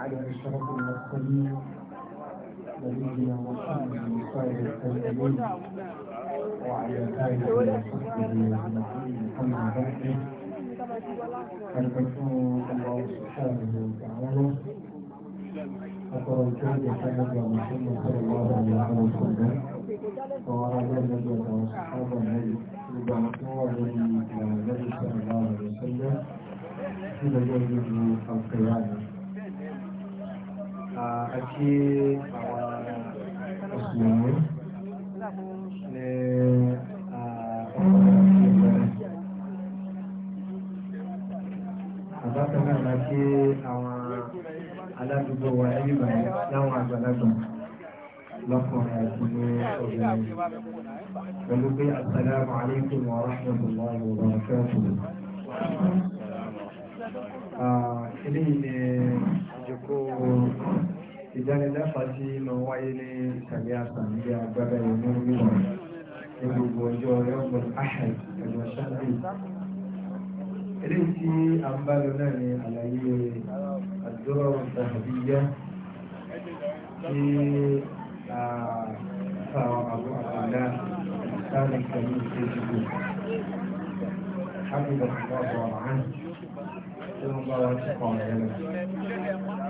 على أشرف المرسلين نبينا محمد صلى الله عليه وسلم وعلى آله وصحبه أجمعين أما بعد فالمسؤول الله سبحانه وتعالى أقرأ الكلمة كما محمد صلى الله عليه وسلم وعلى النبي وصحابه النبي وبعثوه النبي صلى الله عليه وسلم إلى يوم القيامة àti àwọn mùsùlùmí ní àbákan náà láti àwọn aládùúgbò wa ẹ̀yìnbà láwọn àgbàlagbà lọ́kùnrin àti ní obìnrin pẹ̀lú pé assalamu alaikum wa rahmatullahi wa barakatuh eléyìí ni ìjókòó ìdánilẹ́fà tí ma wáyé ní ìsàlẹ̀ àsàmìlẹ̀ agbára ìlú mìíràn ní gbogbo ọjọ́ ọlọ́gbọ̀n ahad ọjọ́ sunday eléyìí tí a ń bá lọ náà ní àlàyé àdúrà ìsàlẹ̀bíyá tí àwọn àbúrò àbúrò sáàlì pẹ̀lú ìṣèjìgbò hábìbọ̀ àwọn àwọn àhán tí wọ́n bá wá sí ọ̀rọ̀ ẹ̀rọ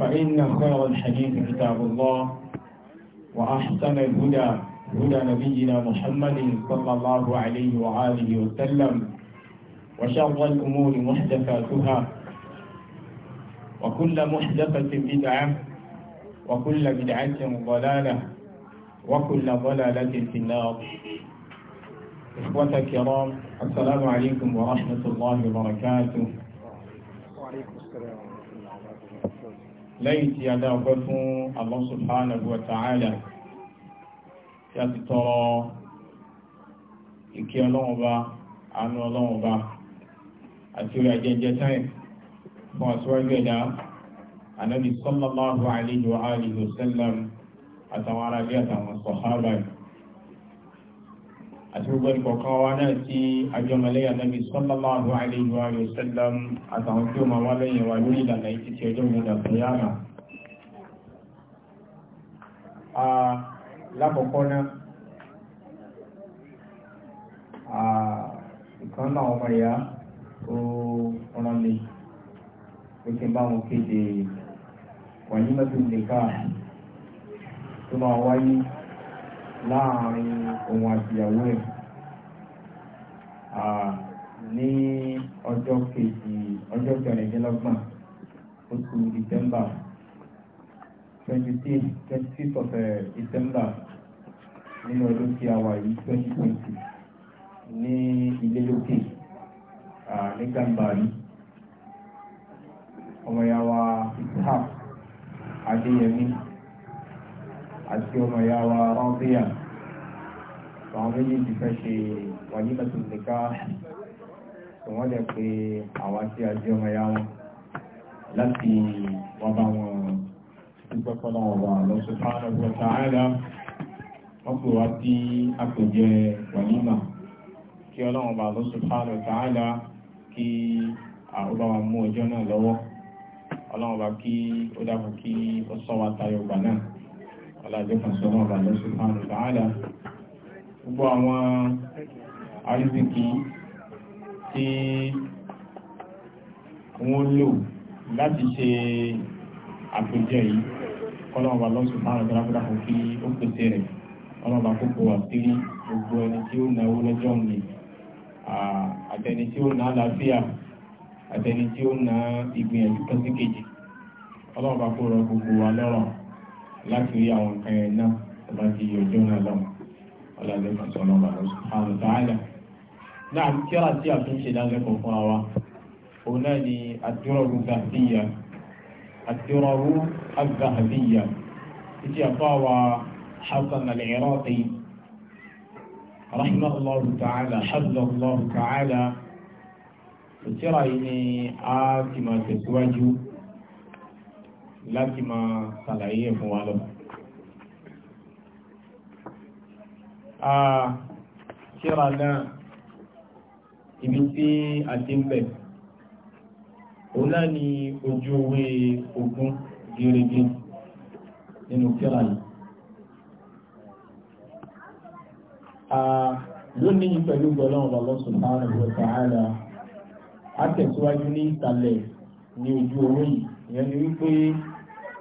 فإن خير الحديث كتاب الله وأحسن الهدى هدى نبينا محمد صلى الله عليه وآله وسلم وشر الأمور محدثاتها وكل محدثة بدعة وكل بدعة ضلالة وكل ضلالة في النار إخوة الكرام السلام عليكم ورحمة الله وبركاته وعليكم السلام lẹ́yìn tí a dá ọpẹ́ fún Allah subhanahu wa ta'ala tí a ti tọrọ ìkẹ́ ọlọ́run bá àánú ọlọ́run bá àti orí ajẹ́jẹ́ táyì fún àṣíwájú ẹ̀dá anábì sallallahu alayhi wa alihi wa sallam àtàwọn aráàlú àtàwọn sọ̀hábà yìí àti gbogbo ìkọ̀kan wa náà tí àjọmọ̀lẹ́yà Nabi sallallahu alayhi wa sallam àtàwọn tí ó máa wá lẹ́yìn wa lórí ìlànà ìtì tí ọjọ́ ìgbìyànjú àtàyàrá lákọ̀ọ́kọ́ náà ìkan náà ọmọ ìyá ó rán tó máa wáyé láàrin òun àtìyàwó ẹ̀ ní ọjọ́ kejì ọjọ́ kẹrìndínlọ́gbọ̀n oṣù december twenty six twenty six of eh, december nínú ọdún tí a wà yìí twenty twenty ní ilé lókè ní gàmbàrí ọmọ ìyá wa ishaq adéyẹmí àti ọmọ ìyá wa rọ́bíà àwọn méjèèjì fẹ́ ṣe wàlímọ̀tò nìkan tí wọ́n jẹ́ pé àwa tí a jẹ́ ọmọ ìyá wọn láti wọ́n bá wọn dúpẹ́ fọ́nà ọ̀wà lọ́sọ̀ fáwọn ọ̀gbọ̀n sàárà wọ́n pè wá sí àpèjẹ wàlímà kí ọlọ́run bá lọ́sọ̀ fáwọn sàárà kí àrùbá wa mú ọjọ́ náà lọ́wọ́ ọlọ́run bá kí ó dákun kí ó sọ wa tayọ alájẹ́ kan sọ́nà ọba lọ́sí fún àrùdáàlà gbogbo àwọn àrísìkí tí wọ́n lò láti ṣe àpèjẹ yìí kọ́nà ọba lọ́sí fún àrùdáàlà kò kí ó pèsè rẹ̀ kọ́nà ọba kókó àtìrí gbogbo ẹni tí ó náwó lọ́jọ́ mi àtẹni tí ó ná àlàáfíà àtẹni tí ó ná ìgbìyànjú kan sí kó rọ gbogbo wa lọ́rọ̀ láti rí àwọn nǹkan yẹn náà tó bá di ọjọ́ náà lọ́wọ́ ọlọ́dẹ kan sọ lọ́wọ́ àlọ́ subhanahu wa ta'ala. náà kíra tí a tún ṣe fún wa òun náà ni ad-duraru zahabiyya ad-duraru az-zahabiyya títí àfáwà hasan al-iraqi allah ta'ala allah ta'ala. ra yìí ni a ti máa tẹ̀síwájú. láti máa ṣàlàyé ẹ̀ fún wa lọ. Ṣíra náà, ibi tí a ti ń bẹ̀. Òun náà ni ojú owó ogún gírígí nínú ṣíra yìí. Lónìí pẹ̀lú gbọ́lọ́run Allah subhanahu wa ta'ala, a tẹ̀síwájú ní ìsàlẹ̀ ní ojú owó yìí. Ìyẹn ni wípé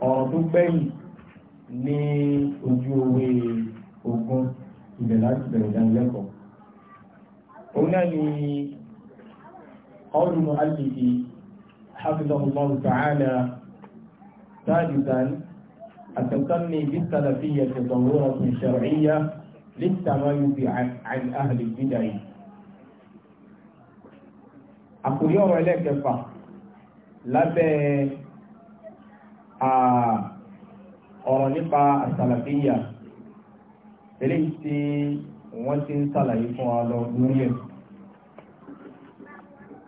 ọ̀rọ̀ tó gbẹ̀yìn ní ojú owó ogun ibẹ̀ láti bẹ̀rẹ̀ ìdánilẹ́kọ̀ọ́ òun náà ni ọdún alìdí hafizahullahu ta'ala بالسلفية ضرورة شرعية للتميز عن أهل البدع àkòrí ọ̀rọ̀ ẹlẹ́kẹfà lábẹ́ ọ̀rọ̀ nípa àsàlàfíyà eléyìí tí wọ́n ti ń sàlàyé fún wa lọ lórí ẹ̀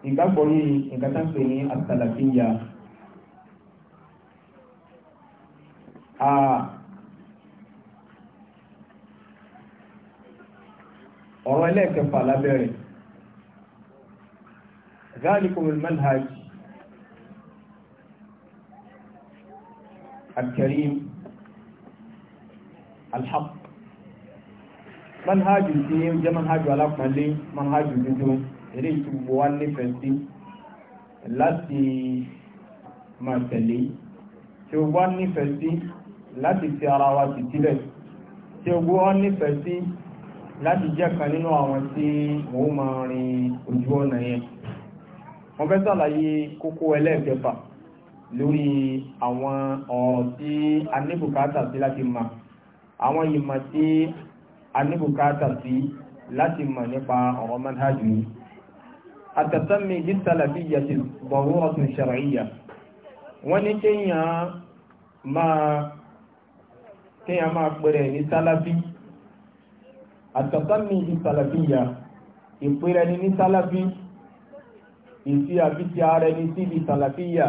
ìgbàgbọ́ yìí nǹkan ní àsàlàfíyà ọ̀rọ̀ ẹlẹ́ẹ̀kẹfà lábẹ́rẹ̀ ذلكم المنهج الكريم الحق manhajù tí ó jẹ́ manhajù alápọ̀nlé manhajù dúdú eré ìtùgbò wá nífẹ̀ẹ́ sí láti máa tẹ̀lé tí ó wá nífẹ̀ẹ́ sí láti fi ara wa sì sílẹ̀ tí ó wá nífẹ̀ẹ́ sí láti jẹ́ kan nínú àwọn tí wọ́n máa rin ojú ọ̀nà yẹn wọ́n fẹ́ sàlàyé kókó ẹlẹ́ẹ̀kẹfà lórí àwọn ọ̀rọ̀ tí a ní bùkátà sí láti mọ̀ àwọn ìmọ̀ tí a ní bùkátà sí láti mọ̀ nípa ọ̀rọ̀ manhajù yìí àtẹ̀sánmi bí sàlàfíyà ti bọ̀rú ọ̀tún ṣàràyà wọ́n ní kéèyàn máa kéèyàn ní sàlàfí àtẹ̀sánmi bí sàlàfíyà ní sàlàfí ìfi àbíkí ara ẹni síbi sàlàfíyà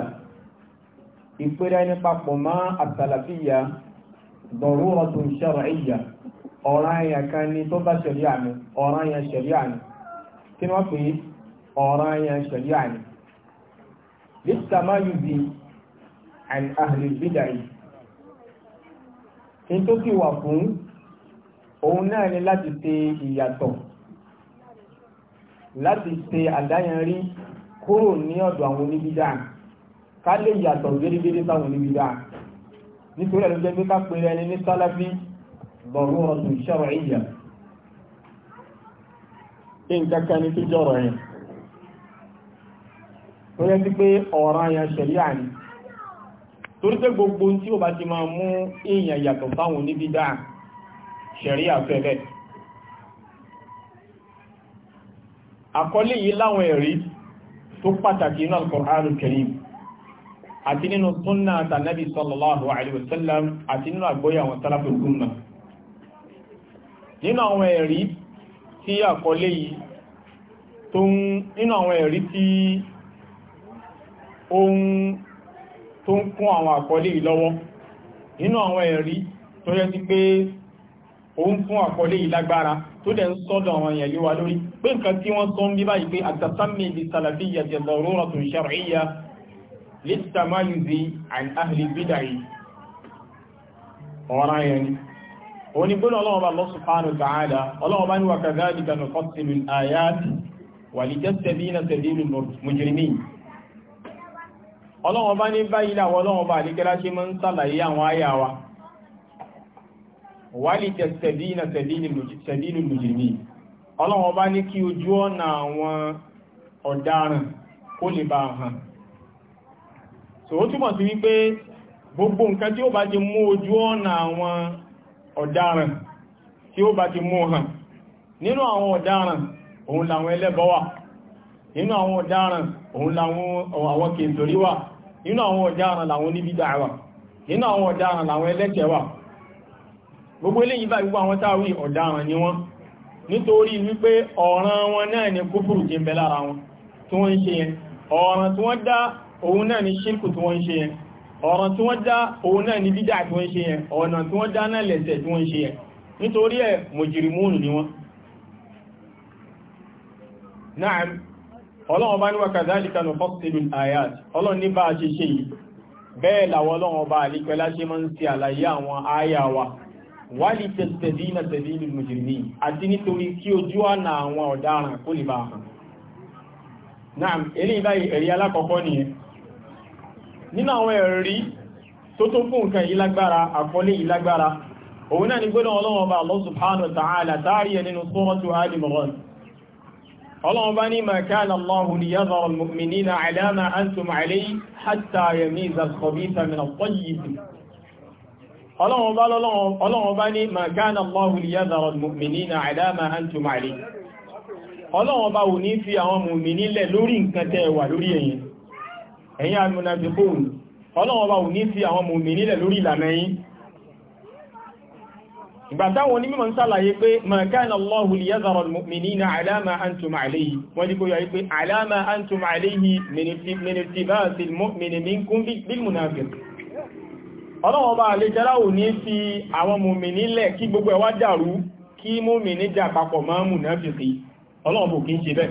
ìpẹ́rẹ́ ẹni papọ̀ mọ́ àtàlàfíà daruratun shar'iyya ọ̀ràn ẹ̀yà kan ní tó bá ṣẹ̀rí àmì ọ̀ràn ẹ̀yà ṣẹ̀rí àmì kí wọ́n pè ọ̀ràn ẹ̀yà ṣẹ̀rí àmì litamayuzi an ahli bid'ah in tó sì wà fún òun náà ni láti ṣe ìyàtọ̀ láti ṣe àdáyanrí kúrò ní ọ̀dọ̀ àwọn oníbídà àmì ká lè yàtọ̀ gédégédé sáwọn oníbídà nítorí ẹ̀rọ jẹ́ pé ká pèrè ẹni ní sálàfí bọ̀rọ̀ ọ̀tún ìṣẹ́rọ̀ ìyà nǹkan kan ní tó jọrọ̀ yẹn tó yẹ sí pé ọ̀ràn yẹn ṣẹ̀ríà ni torí pé gbogbo tí ó bá ti máa mú èèyàn yàtọ̀ sáwọn oníbídà ṣẹ̀ríà fẹ́ bẹ́ẹ̀ àkọlé yìí láwọn ẹ̀rí tó pàtàkì inú Al-Qur'anul Karim àti nínú súnnà tànàbí sallallahu alaihi wasallam àti nínú àgbóyà àwọn tàlàfì súnnà nínú àwọn ẹ̀rí tí àkọlé yìí tó ń nínú àwọn ẹ̀rí tí ohun tó ń kún àwọn àkọlé yìí lọ́wọ́ nínú àwọn ẹ̀rí tó yẹ sí pé òun fún àkọlé yìí lágbára tó dẹ̀ ń sọ́dọ̀ àwọn èèyàn yíwa lórí pé nǹkan tí wọ́n sọ ń bí báyìí pé àtàsámi ìdí sàlàfíyà ti dọ̀rọ̀ tó ń ṣàrìyà lítàmáyùzí àìláhìlì bídàí ọ̀rá yẹni òun ni gbónà ọlọ́wọ́ bá Allah subhanahu wa ta'ala ọlọ́wọ́ bá ní wa kadhalika nufassilu al-ayati wa litastabina sabilu al-mujrimin ọlọ́wọ́ bá ní báyìí láwọ́ ọlọ́wọ́ bá àdíkẹ́lá ṣe mọ́ ń sàlàyé àwọn àyà wa wa litastabina sabilu al ọlọ́wọ́ bá ní kí ojú ọ̀nà àwọn ọ̀daràn kó lè bá hàn so ó sí wípé gbogbo nǹkan tí ó bá ti mú ojú ọ̀nà àwọn ọ̀daràn tí ó bá ti mú hàn nínú àwọn ọ̀daràn òun làwọn ẹlẹ́bọ nínú àwọn ọ̀daràn òun làwọn àwọn nínú àwọn ọ̀daràn làwọn oníbídà nínú àwọn làwọn gbogbo bá ni wọ́n wípé ọ̀ràn wọn náà ni kúfùrù ti ń bẹ lára wọn tí wọ́n òun náà ni ṣírkù tí wọ́n ń ṣe yẹn ọ̀ràn tí wọ́n dá òun náà ni dídá tí wọ́n ń ṣe yẹn ọ̀nà tí wọ́n dá náà lẹ̀sẹ̀ tí wọ́n ń ṣe yẹn nítorí ẹ̀ mùjìrìmúnù ni wọ́n náà ọlọ́run bá ní wa kadhalika nufassilu al-ayat ọlọ́run ní bá a ṣe ṣe yìí bẹ́ẹ̀ làwọn ọlọ́run bá àlípẹ́ láṣẹ máa ẹ̀rí alákọ̀ọ́kọ́ nìyẹn nínú àwọn ẹ̀rí tó tó fún nǹkan yìí lágbára àkọlé yìí lágbára òun náà ni gbọ́dọ̀ ọlọ́wọ́n bá Allah subhanahu wa ta'ala tààrí nínú suratu Ali Imran ọlọ́wọ́n bá ní ma kana Allahu liyadhara al-mu'minina ala ma antum alayhi hatta yamiza al-khabitha min at-tayyib ọlọ́wọ́n bá ní ma kana ẹ̀yin almunafiqun ọlọ́wọ́ bá ò ní fi àwọn mùmìnì lẹ̀ lórí ìlànà yìí ìgbàtàwọn onímọ̀ ń sàlàyé pé ma kana Allahu liyadhara al-mu'minina ala ma antum alayhi wọ́n díkò yà wípé ala ma antum alayhi ọlọ́wọ́ bò kí ń ṣe bẹ́ẹ̀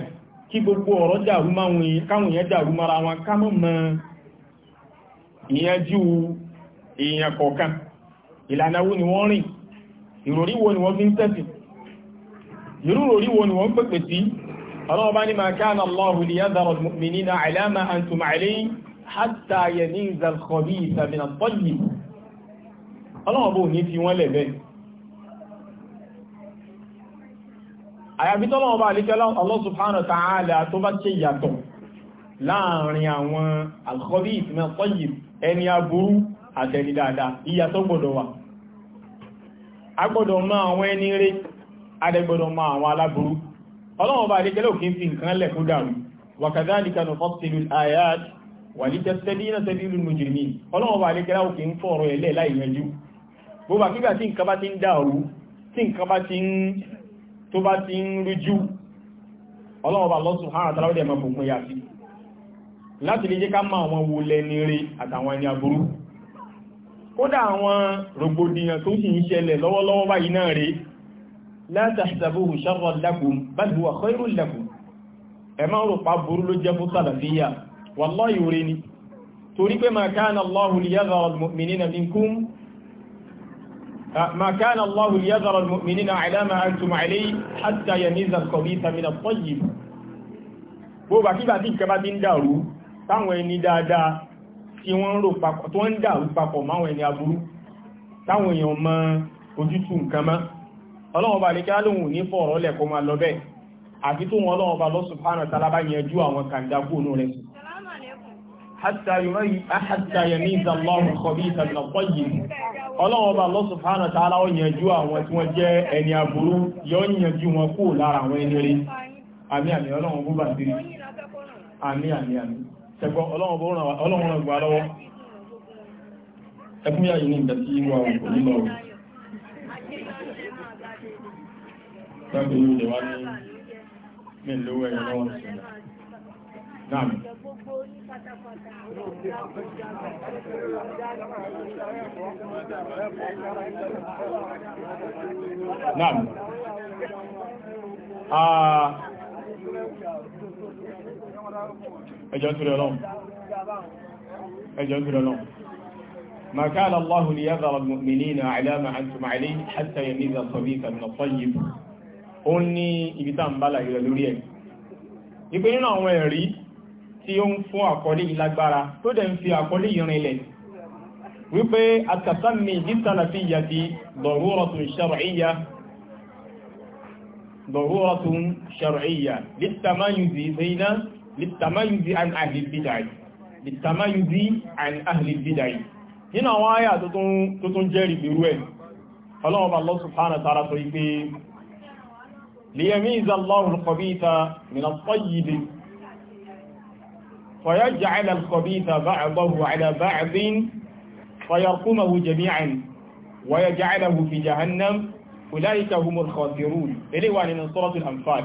kí gbogbo ọ̀rọ̀ dàrú káwọn èèyàn dàrú mara wọn ká mọ́ mọ́ ìyànjú èèyàn kọ̀ọ̀kan ìlànà wo ni wọ́n rìn ìròrí wo ni wọ́n fi ń tẹ́sì ìrúròrí wo ni wọ́n pẹ̀pẹ̀ sí ọlọ́ọ̀bá ní ma kana Allahu liyadhara al-mu'minina àyàfi tọ́lọ́wọ́ bá àlíkẹ́ Allah subhanahu wa ta'ala tó bá ṣe yàtọ̀ láàrin àwọn al-khabith min at-tayyib ẹni aburú àtẹni dáadáa ìyàtọ̀ gbọ́dọ̀ wà a gbọ́dọ̀ mọ̀ àwọn ẹni rere a dẹ̀ gbọ́dọ̀ mọ̀ àwọn aláburú ọlọ́wọ́ bá àlíkẹ́ lókè fi nǹkan lẹ̀kú dàrú wa kadhalika nufassilu al-ayat wa litastabina sabilu al-mujrimin ọlọ́wọ́ tó bá ti ń rújú ọlọ́ọ̀bà lọ́sùn hàn àtàláwọ́dẹ̀ ma fòpin yà sí láti lè jẹ́ ká máa wọn wo lẹ́ni rí àtàwọn ẹni aburú kódà àwọn rògbòdìyàn tó sì ń ṣẹlẹ̀ lọ́wọ́lọ́wọ́ báyìí náà rí la tahsabuhu sharran lakum bal huwa khayrun lakum ẹ máa rò pa ما كان الله ليذر المؤمنين على ما أنتم عليه حتى يميز الخبيث من الطيب gbogbo àkíbà tí ìkẹba ti ń dàrú táwọn ẹni dáadáa tí wọ́n ń rò papọ̀ tó ń dàrú papọ̀ máwọn ẹni aburú táwọn èèyàn mọ ojútùú nǹkan mọ́ ọlọ́wọ́n bá lè kí ní fọ̀rọ̀ lẹ̀kọ́ máa lọ bẹ́ẹ̀ àti tó wọn ọlọ́wọ́n bá lọ́sùn fánà tálábá yẹn jú àwọn kàndàkú ònú rẹ̀ sùn hatta yurayi hatta yamiza Allahu khabitha min at-tayyib Ọlọ́run ba Allah subhanahu wa ta'ala ó yanjú àwọn tí wọ́n jẹ́ ẹni aburú yó yanjú wọn kú lára àwọn ẹni rẹ̀ àmì àmì Ọlọ́run bu ba siri àmì àmì àmì se gbo Ọlọ́run bo ran wa Ọlọ́run ran gba lọ́wọ́ e fun ya yin nda ti wa o ni lo Thank you, Giovanni. Min lo wa yana wa. Naam. Naam. Ah, ẹjọ́ ń kúrò lọ́wọ́. Ẹjọ́ ń kúrò lọ́wọ́. ما كان الله ليذر المؤمنين على ما أنتم عليه حتى يميز الخبيث من الطيب ó ní ibi tá ń bá láyé lórí ẹ̀. ìpé nínú àwọn tí ó ń fún àkọlé ìlágbára tó dẹ̀ ń fi àkọlé ìrìnlẹ̀ wípé àtàtàmì ìdítàlàfíyà ti dọ̀rúrọ̀tún ṣàrọ̀íyà dọ̀rúrọ̀tún ṣàrọ̀íyà lítàmáyùzí zaina lítàmáyùzí an ahlìbìdáì lítàmáyùzí an ahlìbìdáì nínú àwọn ayà tó tún jẹ́rì bírú ẹ̀ ọlọ́ọ̀bà Allah subhanahu wa ta'ala sọ wípé liyamiza Allahu al-khabitha min at-tayyib فيجعل الخبيث بعضه على بعض فيرقمه جميعا ويجعله في جهنم أولئك هم الخاسرون إليه من سورة الأنفال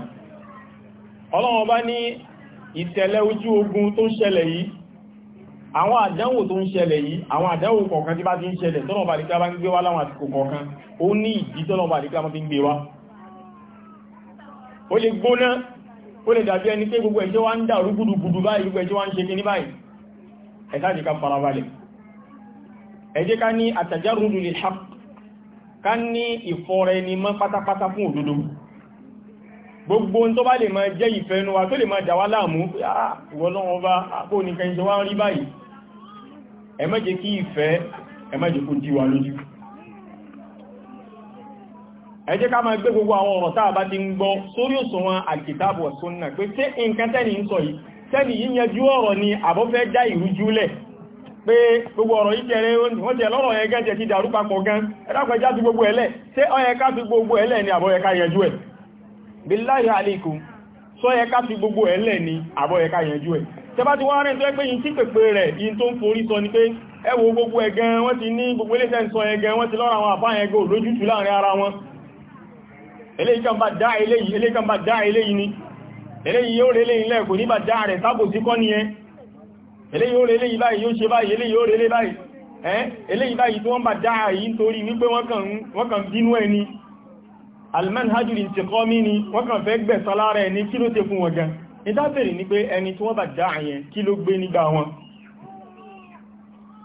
ọlọ́wọ́ bá ní ìtẹ̀lẹ̀ ojú ogun tó ń ṣẹlẹ̀ yìí àwọn àdánwò tó ń ṣẹlẹ̀ yìí àwọn àdánwò kọ̀ọ̀kan tí bá ti ń ṣẹlẹ̀ tọ́nà bá dìkà bá ń gbé wá láwọn àsìkò kọ̀ọ̀kan ó ní ìdí tọ́nà bá dìkà bá fi ń gbé wá ó lè dàbí ẹni pé gbogbo ẹjọ́ wá ń dàrú gúdùgúdù báyìí gbogbo ẹjọ́ wá ń ṣe kíní báyìí ẹ ṣáà jẹ́ ká farabalẹ̀ ẹ jẹ́ ká ní àtàjárùdù lil haqq ká ní ìfọ́ra ẹni mọ́ pátápátá fún òdodo gbogbo tó bá lè máa jẹ́ ìfẹ́nu wa tó lè máa dà wá láàmú ah, ìwọ̀lọ́wọ́ jẹ́ kí ìfẹ́ ẹ jẹ́ kó dí lójú ẹ jẹ́ ká máa gbé gbogbo àwọn ọ̀rọ̀ tá a bá ti ń gbọ́ sórí òṣùwọ̀n àkìtàbù ọ̀sùnà pé tí nǹkan tẹ́ni ń sọ yìí tẹ́ni yìí yanjú ọ̀rọ̀ ni àbọ́fẹ́ já ìrújúlẹ̀ pé gbogbo ọ̀rọ̀ yìí jẹrẹ wọ́n jẹ gbogbo ẹlẹ̀ tí ni àbọ̀ yẹ ká billahi alaykum sọ yẹ ká fi ni àbọ̀ yẹ ká yanjú ẹ̀ tẹ bá ti wá rẹ̀ tó ẹ pé yìí tí pèpè rẹ̀ yìí tó ń forí sọ ni pé ní gbogbo ilé tẹ́ ń sọ yẹn ti lọ́ra àwọn àbá yẹn gò láàrin ara wọn eléyìí kan bá dá eléyìí eléyìí kan bá dá eléyìí ni eléyìí yóò rẹ̀ eléyìí lẹ́ẹ̀kò ní bá dá rẹ̀ sábò sí kọ́ ní ẹ eléyìí yóò rẹ̀ eléyìí báyìí yóò ṣe báyìí eléyìí yóò rẹ̀ báyìí ẹ́ eléyìí báyìí tí wọ́n bá dá yìí nítorí wípé wọ́n kàn bínú ni almanhajul ni wọ́n kàn fẹ́ gbẹ̀san lára ẹ ni kí ló tẹ fún wọn gan ni pé ẹni tí wọ́n bá dá yẹn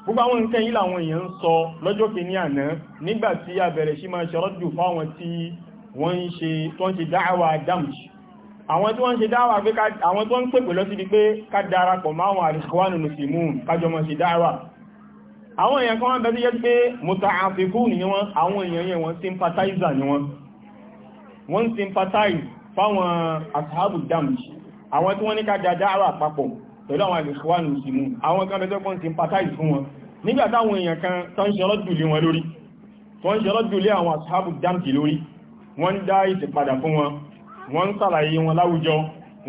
gbogbo àwọn nǹkan yìí làwọn èèyàn ń sọ lọ́jọ́ kìíní àná nígbà tí sí máa ṣe rọ́dù fáwọn tí wọ́n ń ṣe tó ń ṣe dáwà damj àwọn tí wọ́n ń ṣe dáwà pé àwọn tó ń pèpè lọ síbi pé ká darapọ̀ máwọn àríkọwánù muslimun kájọ mọ́ ṣe dáwà àwọn èèyàn kan wọ́n bẹ̀rẹ̀ jẹ́ pé mutaafikun ni wọ́n àwọn èèyàn yẹn wọ́n sympathizer ni wọ́n wọ́n sympathize fáwọn ashabu damj àwọn tí wọ́n ní ká dáwà papọ̀ pẹ̀lú àwọn àríkọwánù muslimun àwọn kan bẹ̀rẹ̀ pọ́n sympathize fún wọn nígbàtàwọn èèyàn kan tán ṣe ọlọ́dùlé ashabu damj lórí wọ́n dá ìtìpadà fún wọn wọ́n ṣàlàyé wọn láwùjọ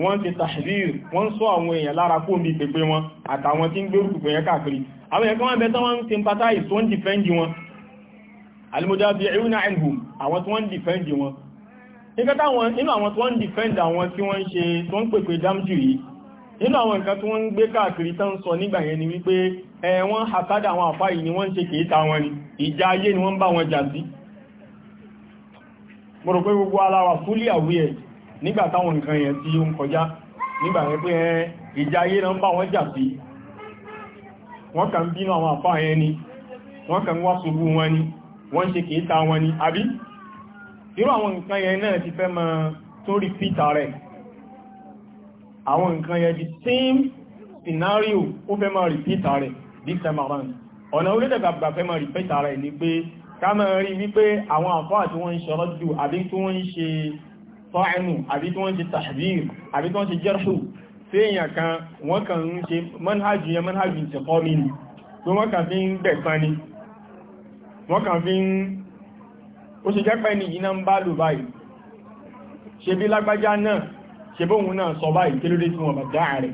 wọ́n ti tàṣírír wọ́n sọ àwọn èèyàn lára kó ní pèpè wọn àtàwọn tí ń gbé òkùnkùn yẹn káàkiri àwọn èèyàn kan wọ́n bẹ tán wọ́n ti ń pátá ìsọ́ ń dìfẹ́ǹdì wọn almudabi'una anhum àwọn tí wọ́n ń dìfẹ́ǹdì wọn nígbà táwọn nínú àwọn tí wọ́n ń dìfẹ́ǹdì àwọn tí wọ́n ń ṣe tó ń pèpè dámjù yìí nínú àwọn nǹkan tí wọ́n ń gbé káàkiri tán sọ nígbà yẹn ni wípé ẹ̀ wọ́n hasada àwọn àfáà yìí ni wọ́n ń ṣe kèéta wọn ni ìjà ayé ni wọ́n bá wọn jà sí mo rò pé gbogbo aláwà fúlì àwúyẹ̀ nígbà táwọn nǹkan yẹn tí ó ń kọjá nígbà yẹn pé ìjà ayé náà ń bá wọn jà sí wọ́n kàn bínú àwọn àpá yẹn ni wọ́n kàn wá ṣubú wọn ni wọ́n ṣe kìí ta wọn ni àbí irú àwọn nǹkan yẹn náà ti fẹ́ mọ́ tó rí pítà rẹ̀ àwọn nǹkan yẹn di same scenario ó fẹ́ mọ́ rí pítà rẹ̀ this time around ọ̀nà orílẹ̀-èdè gbàgbà fẹ́ mọ́ rí pítà rẹ̀ ni pé kámọ̀ rí wípé àwọn àfáà tí wọ́n ń ṣọ́rọ̀ jù àbí tí wọ́n ń ṣe tọ́ẹ̀nù àbí tí wọ́n ń ṣe tàbír àbí tí wọ́n ṣe jẹ́rṣù tí èèyàn kan wọ́n kàn ń ṣe manhajù yẹn manhajù ti kọ́ mi ni tó wọ́n kàn fi ń gbẹ̀san ni wọ́n kàn fi ń ó ṣe jẹ́ pẹ́ ni iná ń bá lù báyìí ṣe bí lágbájá náà ṣe bóhun náà sọ báyìí kí ló dé tí wọ́n bá dáa rẹ̀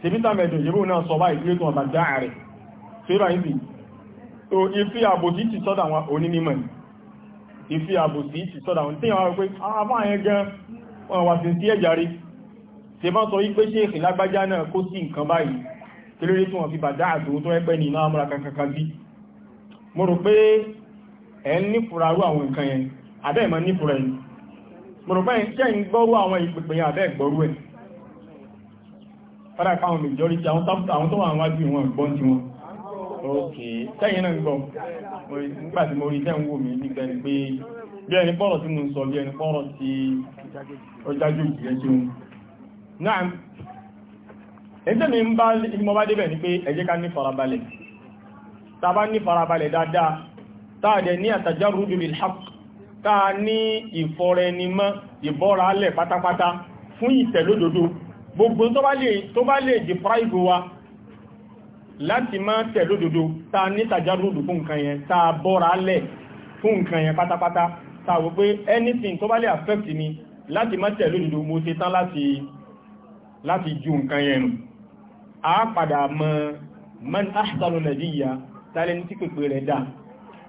ṣe bí tàmẹ̀dùn ṣe bóhun náà sọ báyìí kí ló tí wọ́n bá dáa rẹ̀ ṣe báyìí so ifi àbòsí ti sọ́dọ̀ àwọn onímọ̀ ni ifi àbòsí ti sọ́dọ̀ àwọn tí wọ́n pé àwọn ah, àyẹn gan wọ́n wà sí sí ẹ̀járe ṣe bá sọ wípé ṣe èkì lágbájá náà kó sí nǹkan báyìí kí lórí tí wọ́n fi bàdá àtòun tó ẹgbẹ́ ní iná amúra kankan bí mo rò pé ẹ̀ ń nífura rú àwọn nǹkan yẹn àbẹ́ẹ̀mọ́ nífura yìí mo rò pé ṣẹ́ ń gbọ́rú àwọn ìpèpè yẹn àbẹ́ẹ̀ gbọ́rú ẹ̀ fẹ́rẹ̀ pàwọn majority àwọn tó wà wájú ìwọ̀n ìgbọ́n ti wọn ok tẹ́yìn náà gbọ́ nígbàtí mo rí tẹ́ ń wò mí nígbà ni pé bí ẹni pọ́rọ̀ tí mo ń sọ bí ẹni pọ́rọ̀ tí ọjájú ìjìyẹ tí ó náà èyí tẹ́mi ń bá mo bá débẹ̀ ni pé ẹ jẹ́ ká ní farabalẹ̀ tá a bá ní farabalẹ̀ dáadáa tá a dẹ̀ ní àtàjárúdú lil haqq tá a ní ìfọrẹnimọ́ ìbọ́ra alẹ̀ pátápátá fún ìtẹ̀lódodo gbogbo tó bá lè deprive wa láti máa tẹ̀lódodo ta ní tàjárùdù fún nǹkan yẹn ta bọ́ra lẹ̀ fún nǹkan yẹn pátápátá ta wò pé anything tó bá lè affect mi láti máa tẹ̀lódodo mo ṣe tán láti ju nǹkan yẹn nù a padà mọ man ahsanu nadiya tálẹ́ni tí pèpè rẹ̀ dá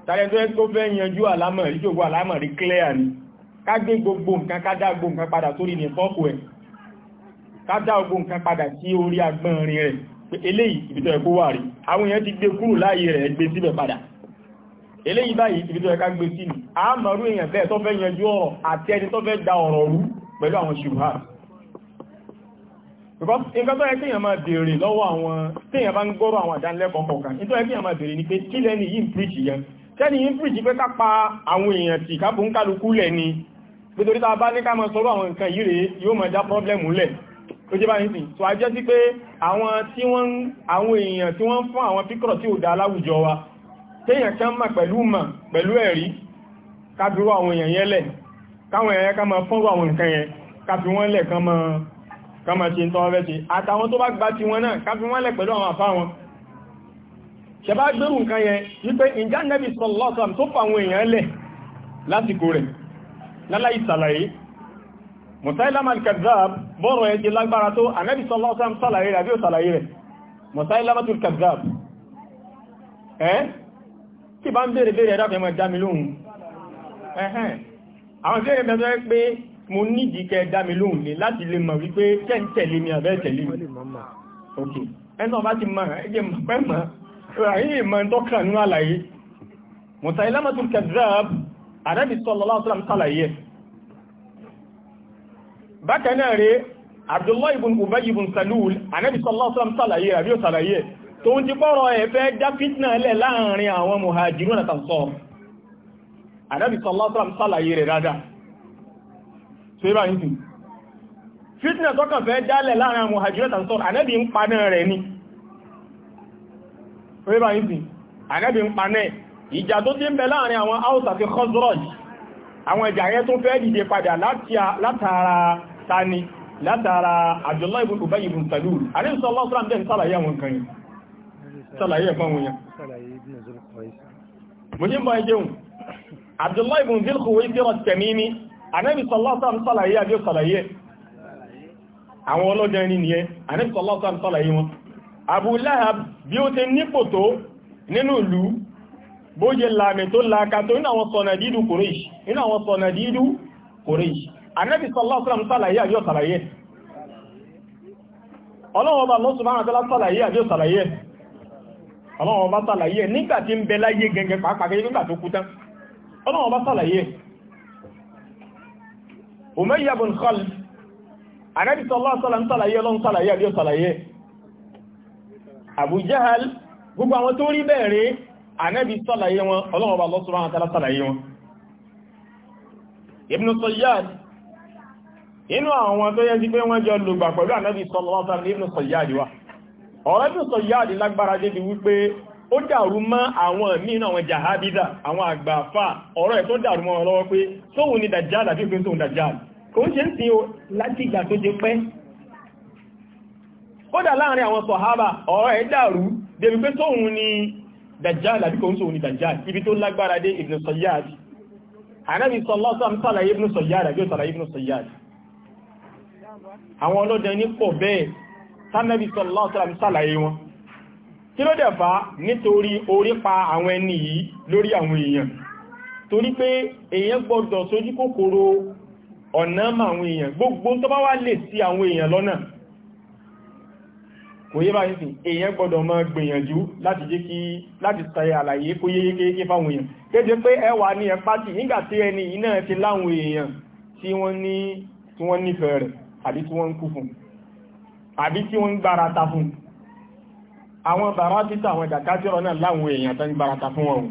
tálẹ́ni tó yẹ tó fẹ́ yanjú àlámọ̀ rí jògbó àlámọ̀ rí clear ni ká gbé gbogbo nǹkan ká dá gbogbo nǹkan padà sórí ní fọ́kù ẹ̀ ká dá gbogbo nǹkan padà sí orí agbọ́n rin pé eléyìí ibi tó yẹ kó wà rí àwọn èèyàn ti gbé kúrò láàyè rẹ̀ gbé síbẹ̀ padà eléyìí báyìí ibi tó gbé sí ni a mọ̀rú èèyàn bẹ́ẹ̀ tó fẹ́ yanjú ọ̀rọ̀ àti ẹni tó fẹ́ da ọ̀rọ̀ rú pẹ̀lú àwọn ṣùgbọ́n nǹkan tó yẹ kí èèyàn máa béèrè lọ́wọ́ àwọn tí èèyàn bá ń gbọ́rọ̀ àwọn àdánilẹ́kọ̀ọ́ kọ̀ọ̀kan nítorí yẹ kí èèyàn máa béèrè ni pé kí lẹ́ni yìí ń píríṣì yẹn tẹ́ni yìí ń píríṣì pé ká pa àwọn èèyàn tì ká bó ń kálukú lẹ̀ ni nítorí tá a bá ní ká máa sọ̀rọ̀ àwọn nǹkan yìí rèé yóò máa já pọ́blẹ́mù lẹ̀ tó a jẹ́ sí àwọn tí wọ́n àwọn èèyàn tí wọ́n fún àwọn píkọ̀rọ̀ tí ò dá láwùjọ wa téèyàn kan mà pẹ̀lú mà pẹ̀lú ẹ̀rí kábírú àwọn èèyàn yẹn lẹ̀ káwọn èèyàn ká máa fọ́nrú àwọn nǹkan yẹn káfí wọ́n lẹ̀ kán máa kán máa ṣe tán ọrẹ́ ṣe àtàwọn tó bá gba ti musailama al-kazzab bọ́rọ̀ ẹjẹ lágbára tó anábi sọlọ́sán sàlàyé rẹ̀ àbí ò sàlàyé rẹ̀ musailama tó kazzab ẹ́ tí bá ń bèèrè bèèrè ẹ̀dàfẹ́ mọ̀ dámi lóhun ẹ̀hẹ́n àwọn bèèrè mẹ́sọ́ pé mo nídìí kẹ dámi lóhun ní láti lè mọ̀ wípé tẹ́ ń tẹ̀lé mi àbẹ́ tẹ̀lé mi ok ẹnà bá ti mọ̀ ẹjẹ bákan náà rẹ̀ abdullahi ibn ubayi ibn salul anabi sallallahu alaihi wasallam ṣàlàyé àbí ó ṣàlàyé tó ń ti pọ́rọ̀ ẹ̀ fẹ́ dá fitna lẹ̀ láàrin àwọn muhajirun àtànsọ́ anabi sallallahu alaihi wasallam ṣàlàyé rẹ̀ dáadáa ìjà tó ti ń bẹ láàrin àwọn Aws àti Khazraj àwọn ìjà yẹn tó fẹ́ dìde padà látara tani látara Abdullahi ibn Ubay ibn Salul àríwísọ ọlọ́sọ́lám dẹ̀ sálàyé àwọn kan yìí sálàyé ẹ̀fọn wọn yẹn mo ní mọ́ ẹjẹun Abdullahi ibn Dhil-Khuwaysir at-Tamimi àríwísọ ọlọ́sọ́lám sálàyé àbí sálàyé àwọn ọlọ́dẹ ní ni ẹ anẹ́sọ̀lọ́sàn sọ́làyé wọn Abu Lahab bí ó ti nípò tó nínú ìlú bó jẹ Ànábì sallallahu alaihi wasallam ṣàlàyé àbí ò ṣàlàyé Ọlọ́run Ọba Allah subhanahu wa ta'ala ṣàlàyé àbí ò ṣàlàyé Ọlọ́run Ọba ṣàlàyé nígbà tí ń bẹ láyé gẹ́gẹ́ pàápàá gẹ́gẹ́ nígbà tó kú tán Ọlọ́run Ọba ṣàlàyé Umayya bin Khalaf Ànábì sallallahu alaihi wasallam ṣàlàyé Ọlọ́run ṣàlàyé àbí ò ṣàlàyé Abu Jahal gbogbo àwọn tó rí bẹ́ẹ̀ rí Ànábì ṣàlàyé wọn Ibn inú àwọn tó yẹ sí pé wọ́n jọ lùgbà pẹ̀lú ànábì sallallahu alaihi wasallam Sayyadi wá ọ̀rẹ́ bí Sayyadi lágbára débi wípé ó dàrú mọ́ àwọn míì náà wọn jahabida àwọn àgbàfà ọ̀rọ̀ ẹ̀ tó dàrú mọ́ lọ́wọ́ pé sóhun ni dajjal àbí pé sóhun dajjal kò ń ṣe ń sin o láti ìgbà tó jẹ pẹ́ kódà láàrin àwọn sọ̀hábà ọ̀rọ̀ ẹ̀ dàrú débi ni dajjal àbí kò ń sóhun ni dajjal ibi tó lágbára dé Ibn Sayyadi ànábì sallallahu alaihi wasallam sàlàyé Ibn Sayyadi àbí ó sàlàyé Ibn Sayyadi àwọn ọlọ́dẹ ní pọ̀ bẹ́ẹ̀ tánàbí sallallahu alaihi wasallam ṣàlàyé wọn kí ló dẹ̀ fà nítorí orí pa àwọn ẹni yìí lórí àwọn èèyàn torí pé èèyàn gbọ́dọ̀ sójú kòkòrò ọ̀nà àwọn èèyàn gbogbo tó bá wá lè sí àwọn èèyàn lọ́nà kò yé bá ń sìn èèyàn gbọ́dọ̀ máa gbìyànjú láti jẹ́ kí láti sàyẹ àlàyé kó yé yékéyéké fáwọn èèyàn kéde pé ẹwà ní ẹ pátì nígbàtí rẹ̀ àbí tí wọ́n ń kú fún àbí tí wọ́n ń gbárata fún àwọn bàbá títà àwọn ìdàkájọ́rọ̀ náà láwọn èèyàn tó ń gbárata fún wọn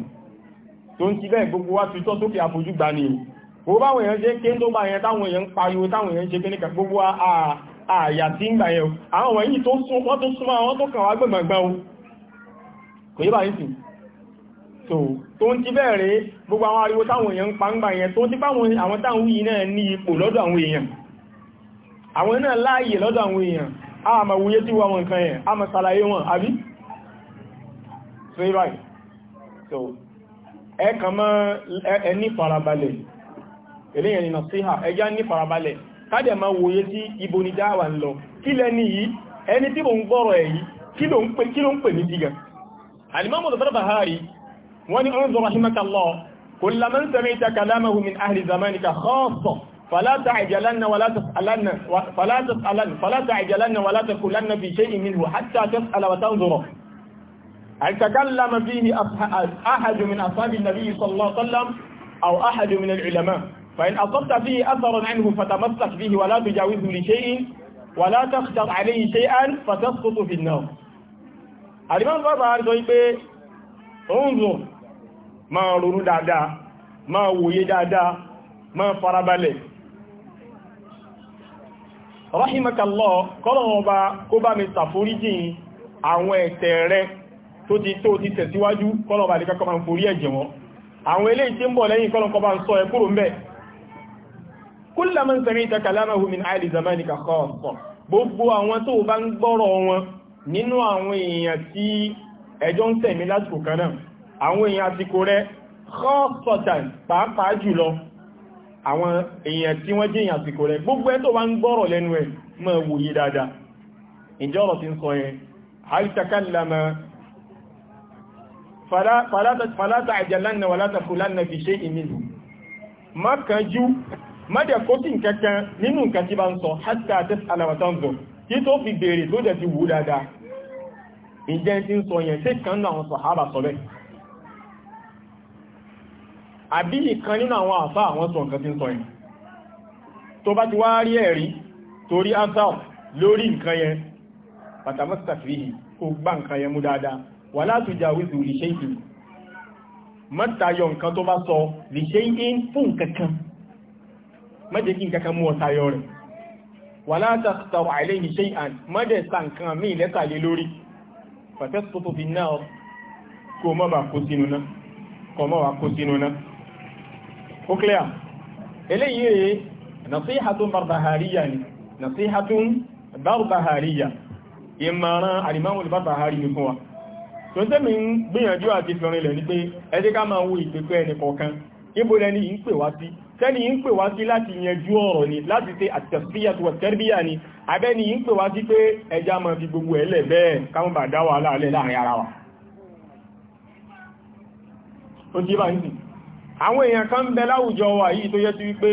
tó ń ti bẹ́ẹ̀ gbogbo wá fi tọ́ sókè àfojú gbà ní o báwọn èèyàn ṣe ké tó bá yẹn táwọn èèyàn pariwo táwọn èèyàn ṣe kíníkà gbogbo àyà tí ń gbà yẹn àwọn o kò yí báyìí sì so tó ń ti bẹ́ẹ̀ gbogbo àwọn ariwo táwọn èèyàn ń pa ń gbà yẹn tó ń ti báwọn àwọn táwọn yìí náà ní ipò lọ́dọ̀ àwọn èèyàn àwọn náà láàyè lọ́dọ̀ àwọn èèyàn a ma wúyé tí wọ́n nǹkan yẹn a ma ṣàlàyé wọn àbí ṣíra so ẹ kàn mọ́ ẹ ní farabalẹ̀ eléyàn ni nasiha ẹjá ní farabalẹ̀ káàdẹ̀ ma wúyé tí ibo ni dáwà ń lọ kí lẹ́ni yìí ẹni tí mo ń gbọ́rọ̀ ẹ̀ yìí kí ló ń pè ní dígan alimamu da farba hari فلا تعجلن ولا تسألن فلا تسألن فلا تعجلن ولا تقولن في شيء منه حتى تسأل وتنظر هل تكلم فيه أحد من أصحاب النبي صلى الله عليه وسلم أو أحد من العلماء فإن أصبت فيه أثرا عنه فتمسك به ولا تجاوزه لشيء ولا تختر عليه شيئا فتسقط في النار الإمام بابا طيب انظر ما رونو دادا ما ويه دادا ما فربالك rahimakallah kọ́lọ̀wọ́n bá kó bá mi ṣàforíjì àwọn ẹ̀ṣẹ̀ rẹ tó ti tó ti tẹ̀síwájú kọ́lọ̀wọ́n bá lè kọ́kọ́ máa ń forí ẹ̀jẹ̀ wọn àwọn eléyìí tí ń bọ̀ lẹ́yìn kọ́lọ̀kọ́ bá ń sọ ẹ kúrò mbẹ̀ kulla man sami'ta kalamahu min ahli zamanika khassa gbogbo àwọn tó àwọn èèyàn tí wọ́n jẹ́ èèyàn àsìkò rẹ̀ gbogbo ẹ̀ tó wá ń gbọ́rọ̀ lẹ́nu ẹ̀ mọ́ wòye dáadáa ǹjẹ́ ọ̀rọ̀ tí ń sọ yẹn àìtakàlàmà fàlátà àjàlánà wàlátà fúlánà fi ṣe ìmìlù má kánjú má dẹ̀ kó sí nǹkankan nínú nǹkan tí bá ń sọ hátà àtẹ́sì alàwàtánzọ̀ tí tó fi bèèrè tó àbí ìkan nínú àwọn àfá àwọn sọ nǹkan tí ń sọ yìí tó bá ti wá rí ẹ̀rí torí ásáà lórí nǹkan yẹn pàtàmọ́sítà fìhì kó gbá nǹkan yẹn mú dáadáa wà látújà wíṣù lè ṣe ìhìn mọ́tayọ nǹkan tó bá sọ lè ṣe ìhìn fún nǹkankan mọ́jẹ́ kí nǹkankan mú ọ̀tayọ rẹ̀ wà látàkùtàwà àìlẹ́yìn ṣe ìhàn mọ́jẹ́ kó sínú náà ó clear eléyìí rèé nasihatun barbahariya ni nasihatun barbahariya ìmọ̀ràn alimamu barbahari ni fún wa tó ń tẹ́mi ń gbìyànjú àti fìrin lẹ̀ ní pé ẹ jẹ́ ká máa wo ìpẹ́pẹ́ ẹni kọ̀ọ̀kan ibo lẹni yìí ń pè wá sí tẹ́ni yìí ń pè àwọn èèyàn kan ń bẹ láwùjọ wa yìí tó yẹ sí wípé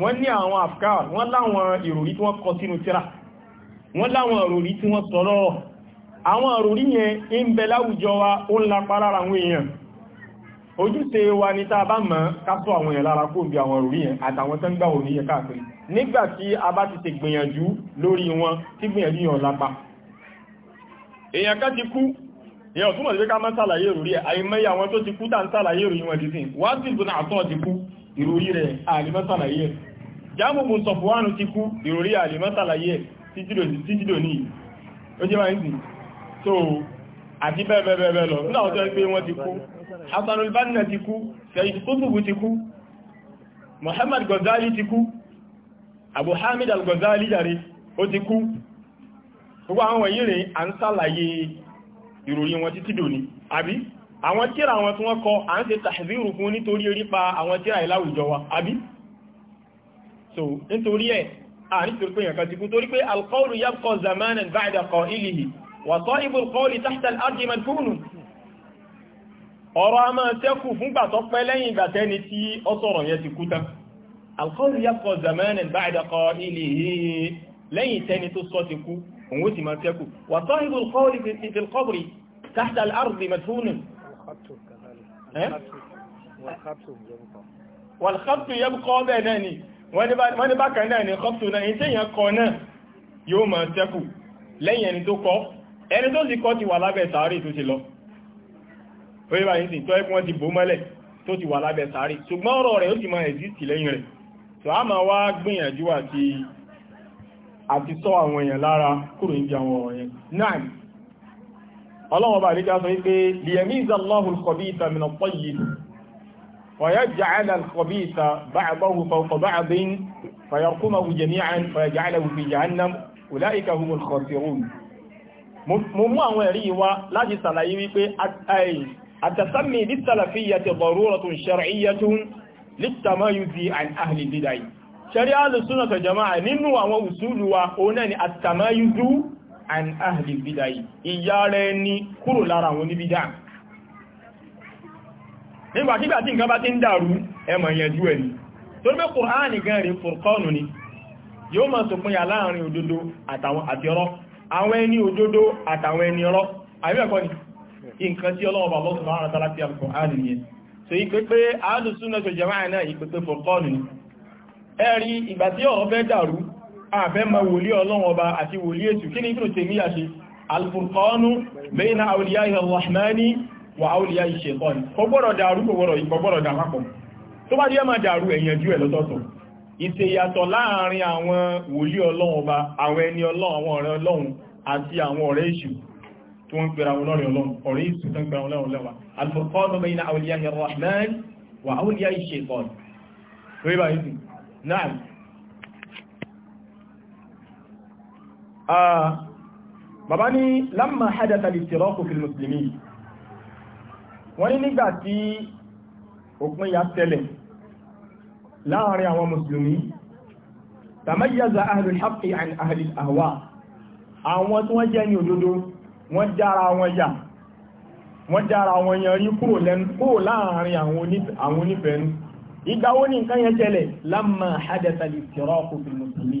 wọ́n ní àwọn afkar wọ́n láwọn ìròrí tí wọ́n kọ sínú tírà wọ́n láwọn ìròrí tí wọ́n sọ̀rọ̀ àwọn ìròrí yẹn ń bẹ láwùjọ wa ó ń lapa lára àwọn èèyàn ojúṣe wa ní tá a bá mọ̀ ká àwọn èèyàn lára kó bí àwọn ìròrí yẹn àtàwọn tó ń gbà òní yẹ káàkiri nígbà tí a bá ti ṣe gbìyànjú lórí wọn tí gbìyànjú yẹn lapa èèyàn ká ti kú ìyẹn ọ̀túnmọ̀ sí ká máa sàlàyé ìròrí ẹ̀ àìmẹ́yẹ àwọn tó ti kú tà ń sàlàyé ìròyìn wọn dìsìn wá sí ìbùnà àtọ́ ti kú ìròrí rẹ̀ àìmẹ́ sàlàyé ẹ̀ jámùbù sọ̀fùwánù ti kú ìròrí àìmẹ́ sàlàyé ẹ̀ títídò ní ó jẹ́ máa ń sìn so àti bẹ́ẹ̀bẹ́ẹ̀bẹ́ẹ̀ na nígbà tó pé wọ́n ti kú Hasanul Banna ti kú Sayyid Qutb ti kú Muhammad Ghazali ti kú Abu Hamid al-Ghazali yàrí ó ti kú gbogbo àwọn wọ̀nyí rẹ̀ à ń sàlàyé ìròyìn wọn títí dòní àbí àwọn tíra wọn tí wọ́n kọ à ń ṣe tàhzírù fún nítorí orípa àwọn tíra ìláwùjọ wa àbí so nítorí ẹ̀ àrí torí pé ìyànkan ti ti kú lẹ́yìn tẹ́ni tó sọ ti kú òun ó sì máa ṣẹ́kù wa sahibu alqawli fi al-qabri تحت الأرض مدفون والخط يبقى بناني وانا ní bákan náà ni kọ́pù náà ní tẹ́yàn kọ náà yóò máa ṣẹ́kù lẹ́yìn ẹni tó kọ ẹni tó sì kọ ti wà lábẹ́ sàárì tó ti lọ orí bá yìí sì tọ́ ẹkùn wọ́n ti bò mọ́lẹ̀ tó ti wà lábẹ́ sàárì ṣùgbọ́n ọ̀rọ̀ rẹ̀ ó ti máa ẹ̀zìtì lẹ́yìn rẹ̀ tó a máa wá gbìyànjú àti sọ àwọn èèyàn lára kúrò níbi àwọn ọ̀rọ̀ yẹn náà ọlọ́wọ́n bá nígbà sọ wípé liyamiza Allahul khabitha min at-tayyib wa yaj'ala al-khabitha ba'dahu fawqa ba'din fayarkumahu jami'an fayaj'alahu fi jahannam ulaika humul khasirun mo mú àwọn ẹ̀rí wa láti sàlàyé wípé àtàsánmì bis-salafiyyati daruratun shar'iyyatun lit-tamayuzi an ahli bid'ah an ahli bídá yìí ìyá rẹ̀ ní kúrò lára àwọn oníbídá nígbàtígbà ti ń dàrú ẹmọ̀ ìyẹnjú ẹ̀ ni tó gbé gan rí fòrkọ́nù ni yóò máa sọpín ododo láàrin òdodo àtàwọn àti ọ̀rọ̀ àwọn ẹni òdodo àtàwọn ẹni ọ̀rọ̀ àbíbẹ̀kọ́ ni nǹkan tí ọlọ́wọ́ bàbá sọ láàrín tàbí Kùránì ni so Ahlus Sunnah wal ni àbẹ́mà wòlí ọlọ́run ọba àti wòlí ètù kí ní Ibn Taymiyyah ṣe al-Furqanu bayna awliya'i rahmani wa awliya'i shaytan kò gbọ́dọ̀ dàrú kò gbọ́dọ̀ dàpapọ̀ tó bá díẹ̀ máa dàrú ẹ̀yànjú ẹ̀ lọ́tọ̀ọ̀tọ̀ Ah, bàbá ní lámà hajjata lè tẹ̀rọ kò fi mùsùlùmí wọ́n ní nígbà tí òpin ya tẹ́lẹ̀ láàrin àwọn mùsùlùmí tàmáyàza ahlul haqqi an ahlil ahwa àwọn tí wọ́n jẹ́ ní òdodo wọ́n dára wọn yà wọ́n dára wọn yàn rí kúrò láàrin àwọn onífẹ́nu ìgbà wo ni nǹkan yẹn tẹ́lẹ̀ lámà hajjata lè tẹ̀rọ kò fi mùsùlùmí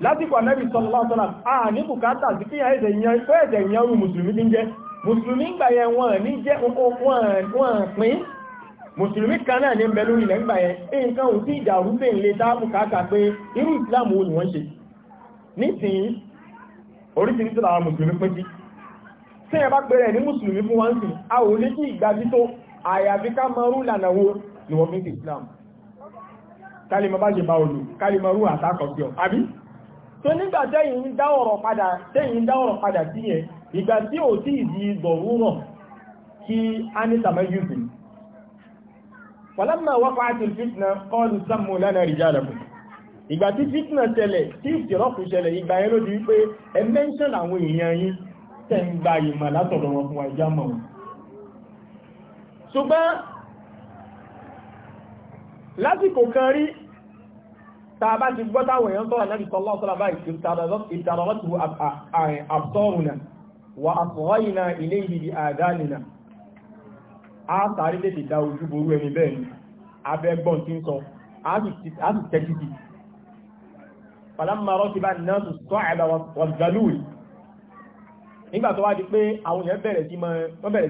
lásìkò ànábì sallallahu alaihi wasallam a ní bùkátà sí fíyàn ẹ̀jẹ̀ yan ikú ẹ̀jẹ̀ yan orí mùsùlùmí ní jẹ́ mùsùlùmí ń gbàyẹ wọn ní jẹ́ wọn pín mùsùlùmí kan náà ní ń bẹ lórí ilẹ̀ ń gbàyẹ nǹkan ò sí ìdàrú ni wọ́n ṣe a ò lè kí ìgbà tí tó àyàfi ká máa islam kálí ma bá ṣe bá olù kálí tó nígbà tẹ́yìn ń dá ọ̀rọ̀ padà tẹ́yìn ń dá ọ̀rọ̀ padà sí yẹn ìgbà tí ò tí ìdí ìgbọ̀rú rọ̀ kí a ní tàmáyùsì wàlámà wákọ̀ àti fitna kọlu sàmù lánàá rí jálẹ̀mù ìgbà tí fitna tẹ̀lẹ̀ tí ìfìrọ́kù ṣẹlẹ̀ ìgbà yẹn ló di wípé ẹ mẹ́ńṣán àwọn èèyàn yín tẹ̀ ń gba ìmọ̀ látọ̀dọ̀ wọn fún ẹja mọ̀ wọn ṣùgbọ́n lásìkò kan rí tàbá ti gbọ́ táwọn èèyàn sọ́rọ̀ lẹ́bi sọ́lọ́ sọ́lọ́ báyìí ìtàrọ̀lọ́tù àbsọ́rùnà wà àfọ́ọ́yìnà ilé ìdìdì àdánìnà a sáré lè dá ojú ború ẹni bẹ́ẹ̀ ni abẹ́gbọ́n tí ń sọ a sì tẹ́tìtì pàlámàrọ́ ti bá náà tó sọ àbà wọ̀dàlúwì nígbà tó wá di pé àwọn èèyàn bẹ̀rẹ̀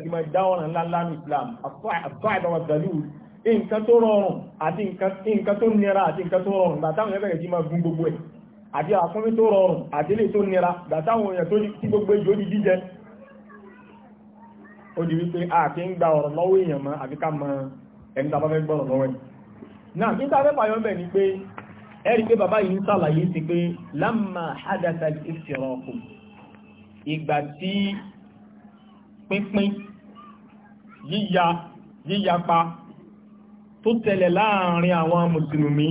sí máa dá ọ̀ràn ńláńlá ní Islam àfọ́ àbà wọ̀dàlúwì nǹkan tó rọrùn àti nǹkan tó nira àti nǹkan tó rọrùn gbàtàwọn èèyàn bẹ̀rẹ̀ sí máa gún gbogbo ẹ̀ àti àkúnmí tó rọrùn àti ilé tó nira gbàtàwọn èèyàn tó ti gbogbo ìjó di jíjẹ ó di wípé a kì ń gba ọ̀rọ̀ lọ́wọ́ èèyàn mọ́ àfi ká mọ ẹni tàbá fẹ́ tó tẹ̀lẹ̀ láàrin àwọn mùsùlùmí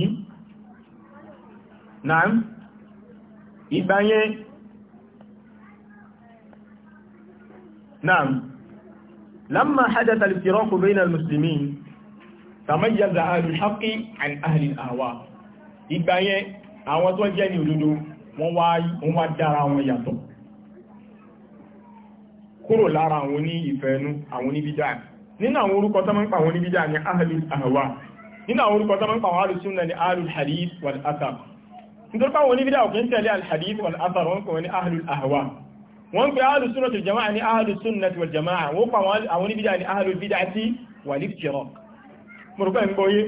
náà ìgbáyé náà lámà hajjata al-firaq bayna al-musulmi tamayyaza ahlul haqqi an ahlil ahwa ìgbáyé àwọn tó jẹ́ ní òdodo wọ́n wá dára wọn yàtọ̀ kúrò lára àwọn oní ìfẹ́ẹ̀nú àwọn oníbídáà nínú àwọn orúkọ tó máa ń pa àwọn oníbídà ní ahlul ahwa nínú àwọn orúkọ tó máa ń pa àwọn alùsùnà ní ahlul hadith wal athar nítorí pàwọn oníbídà òkè ń tẹ̀lé alhadith wal athar wọ́n kò ní ahlul ahwa wọ́n pe ahlus sunnati wal jama'a ní ahlus sunnati wal jama'a wọ́n pa àwọn oníbídà ní ahlul bid'ati wal iftiraq mọ̀rùkọ́ ń gbọ́yé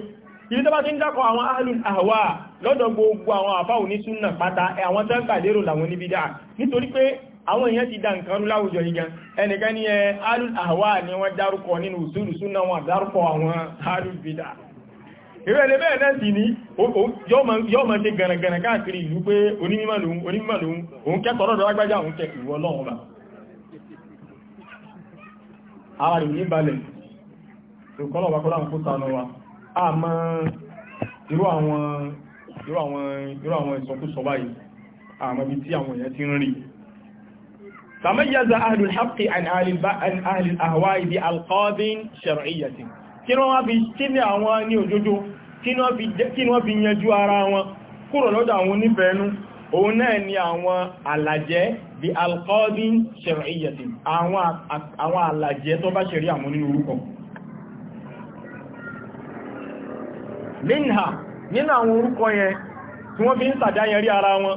ibi tó bá ti ń dákọ̀ àwọn ahlul ahwa lọ́dọ̀ gbogbo àwọn àfáà onísúnnà pátá àwọn tẹ́ǹkà àwọn èèyàn ti dá nǹkan rú láwùjọ yìí gan ẹnìkan ní ẹ ni wọ́n dárúkọ nínú usulu sunna wọn dárúkọ àwọn alul bida bẹ́ẹ̀ náà sì ní yọ́ ma ṣe gànàgànà káàkiri ìlú pé onímọ̀ a ti nri. تميز أهل الحق عن أهل, عن أهل الأهواء بألقاب شرعية كنوا في كنوا أواني وجوجو كنوا في كنوا في ينجو أراوا كرو لو دعوني بينو ona ni àwọn àlàjẹ́ bí alqabi shar'iyyati àwọn àwọn àlàjẹ́ tó bá sheri àwọn nínú orúkọ minha nínú àwọn orúkọ yẹn tí wọ́n fi ń ṣàdáyẹrí ara wọn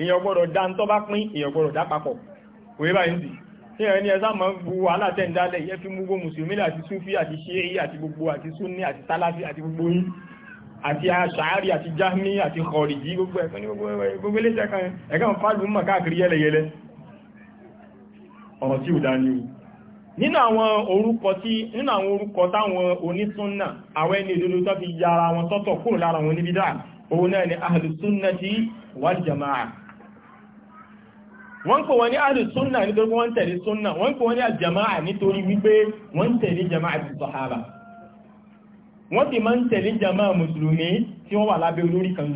èèyàn gbọ́dọ̀ dá ń tọ́ bá pín èèyàn gbọ́dọ̀ dá papọ̀ òye báyìí sì ṣé ẹni ẹ sáà máa ń bu alátẹ̀ndálẹ̀ yẹ fi gbogbo mùsùlùmí àti súfì àti ṣéyí àti gbogbo àti súnni àti táláfì àti gbogbo yín àti aṣáárì àti jámí àti kọ̀ọ̀rìjì gbogbo ẹ̀kọ́ ní gbogbo ilé ìṣẹ́ kan ẹ̀kọ́ ń fàájú mọ̀ káàkiri yẹlẹyẹlẹ ọ̀rọ̀ tí ò dá ní o nínú àwọn orúkọ tí nínú náà ni ahlùsúnnà ti wal jama'a wọ́n kò wọ́n ní ahlu súnnà nítorí wọ́n tẹ̀lé súnnà wọ́n kò wọ́n ní aljama'a nítorí wípé wọ́n tẹ̀lé jama'a ti sọ̀hábà wọ́n ti máa ń tẹ̀lé jama'a mùsùlùmí tí wọ́n wà lábẹ́ olórí kan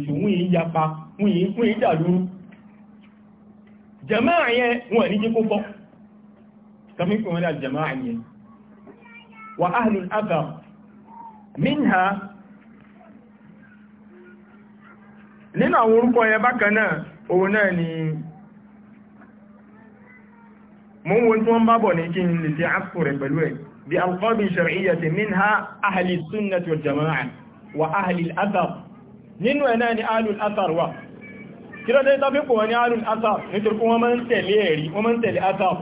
ni mo ń wo tí wọ́n bá bọ̀ ní kí n lè ṣe àpò rẹ̀ pẹ̀lú ẹ̀ bí alqabi shar'iyyati minha ahli sunnati wal jama'a wa ahli al-athar nínú ẹ̀ náà ni ahli al-athar wa kí ló dé tàbí kò wọ́n ní ahli al-athar nítorí wọ́n máa ń tẹ̀lé ẹ̀rí wọ́n máa ń tẹ̀lé athar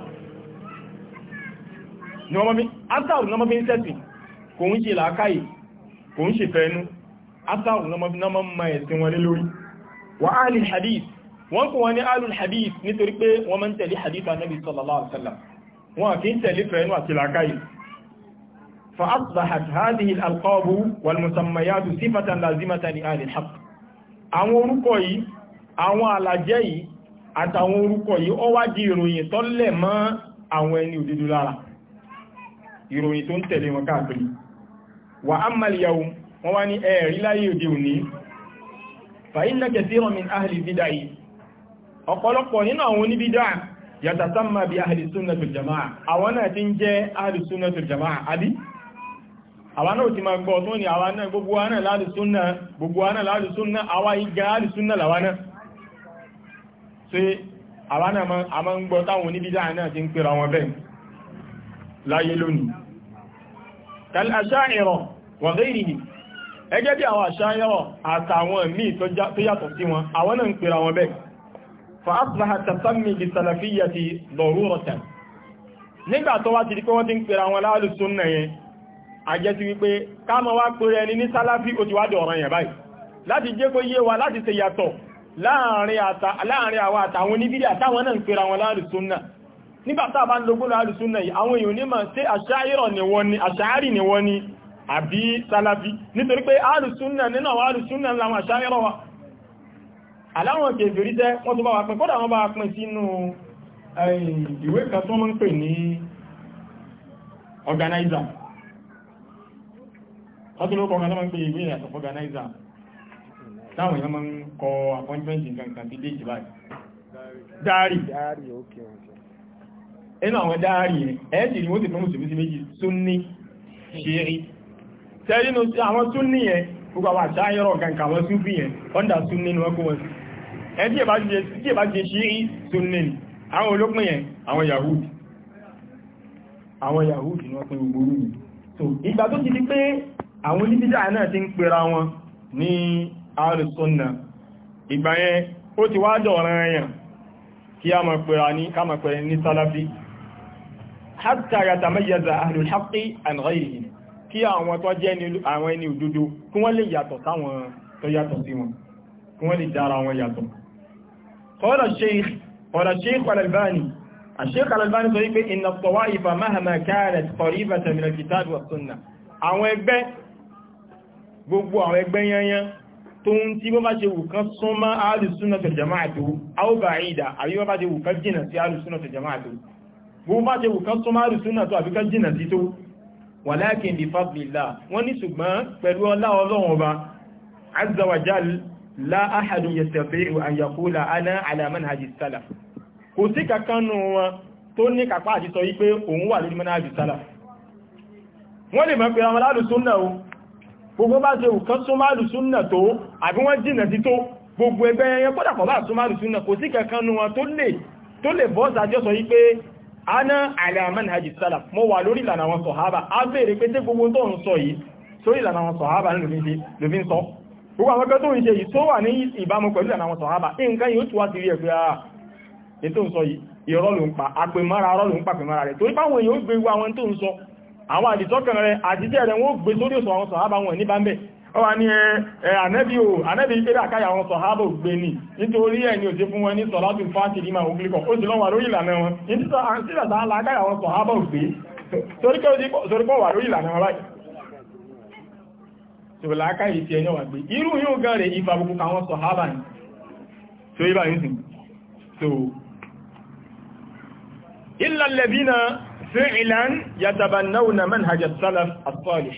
wọ́n kò wọ́n ní alul hadith nítorí pé wọ́n máa ń tẹ̀lé hadith anabi sallallahu alaihi wasallam wọ́n kì í tẹ̀lé fẹ́nu àti làákàyè fa asbahat hadhihi alqabu wal musammayatu sifatan lazimatan li ahli àwọn orúkọ yìí àwọn alàjẹ́ yìí àtàwọn orúkọ yìí ó wá di ìròyìn tó lẹ̀ mọ́ àwọn ẹni òdodo lára ìròyìn tó ń tẹ̀lé wọn káàkiri wà amma al wọ́n wá ní ẹ̀rí láyé òde òní fa inna kathiran min ahli bid'ah ọ̀pọ̀lọpọ̀ nínú àwọn oníbídà yàtàtàmà bí ahìlìsúnnàtò jama'a àwọn náà ti ń jẹ́ jama'a àbí àwọn náà ti máa gbọ́ tó ní àwọn náà gbogbo ànà láàrìsúnnà gbogbo ànà láàrìsúnnà àwọn igá àrìsúnnà làwọn náà ṣe àwọn náà a máa ń wa ghayrihi ẹgẹ́ bí àwọn àṣáyẹ̀rọ̀ àtàwọn míì tó yàtọ̀ sí wọn àwọn náà ń pèrà wọn bẹ́ẹ̀ فأصبح التسمي بالسلفية ضرورة nígbà tó wá ti di pé wọ́n ti ń pèrè àwọn aláàlù súnnà yẹn àjẹ́ ti wípé káàmọ̀ wá pèrè ẹni ní sálàfí ó ti wá dọ̀rọ̀ yẹn báyìí láti jẹ́ kó yé wa láti ṣe yàtọ̀ láàrin àwọn àtàwọn oníbídí àtàwọn náà ń pèrè àwọn aláàlù súnnà nígbà tá a bá ń logún aláàlù súnnà ni wọ́n ni àbí sálàfí nítorí pé aláàlù súnnà nínú àwọn aláàlù aláwọn kèfèrí jẹ́ wọ́n tó bá wà pín kódà wọ́n bá pín sínú eh, ìwé kan tó mọ́ ń pè ní organizer wọ́n tó ló kọ́ kan tó mọ́ organizer táwọn èèyàn mọ́ ń kọ appointment nǹkan kan sí déjì báyìí dáàrí inú àwọn dáàrí ẹ̀ẹ́jì ni wọ́n ti fún mùsùlùmí sí méjì súnní ṣeré tẹ́rínú àwọn súnní yẹn gbogbo àwọn àṣà ayọ́rọ̀ kankan àwọn súnfì yẹn ẹbí ẹ̀bá jẹ ṣe rí sunni ni àwọn olópin yẹn àwọn yahudi àwọn yahudi ni wọ́n pín gbogbo rúrù so ìgbà tó ti di pé àwọn oníbídà náà ti ń pera wọn ní alùsọ́nà ìgbà yẹn ó ti wá jọ ọ̀rọ̀ ẹ̀yàn kí a máa pera ní ká máa pera ní sálàfí hatta yatamayyaza ahlul haqqi an ghayrihim kí àwọn tó jẹ́ àwọn ẹni òdodo kí wọ́n lè yàtọ̀ sáwọn tó yàtọ̀ sí wọn kí wọ́n lè dára wọn yàtọ̀ قال الشيخ قال الشيخ الألباني الشيخ الألباني صحيح إن الطوائف مهما كانت قريبة من الكتاب والسنة àwọn ẹgbẹ́ gbogbo àwọn ẹgbẹ́ yanyan tó ń tí bọ́ bá ṣe wù kán súnmọ́ alùsúnà tó jama àtò àwọ́bà ìdá àbí bọ́ bá ṣe wù kán jìnà sí alùsúnà tó jama àtò gbogbo bá ṣe wù kán súnmọ́ alùsúnà tó àbí kán jìnà sí tó walakin bi fadlillah wọ́n ní ṣùgbọ́n pẹ̀lú ọlá Ọlọ́run Ọba azza wa jal la ahadun yastati'u an yaqula ana ala manhaji salaf kò sí kankan nù wọn tó ní kápá àti sọ wípé òun wà lórí manhaji salaf wọ́n lè mọ̀ pé àwọn alùsúnnà o gbogbo bá ṣe òkan súnmọ́ alùsúnnà tó àbí wọ́n jìnà sí tó gbogbo ẹgbẹ́ ẹyẹ pọ́dàpọ̀ bá súnmọ́ alùsúnnà kò sí kankan wọn tó lè bọ́ọ̀sà jọ́ wípé ana ala manhaji salaf mo wà lórí ìlànà àwọn sọ̀hábà a bèèrè pé tí gbogbo gbogbo àwọn ẹgbẹ́ tó ń ṣe yìí tó wà ní ìbámu pẹ̀lú ìlànà àwọn sọ̀hábà nǹkan yóò tún wá sí rí ẹ̀fẹ́ àà ní tó ń sọ yìí irọ́ ló ń pa apèmára irọ́ ló ń pàpè mára rẹ̀ torí páwọn èèyàn ó gbé wá àwọn tó ń sọ àwọn àdìsọ́kàn rẹ̀ àdìsẹ́ rẹ̀ wọ́n gbé sórí òsùn sọ̀hábà eh, eh, wọn ní o tó láàká ìtì ẹ̀yàn wà gbé irú yóò gan rẹ̀ ìfà gbogbo àwọn sọ̀hábà ní tó ibà ń sìn so ìlàlẹ̀bínà fi'lan yatabannawna manhaja salaf as-salih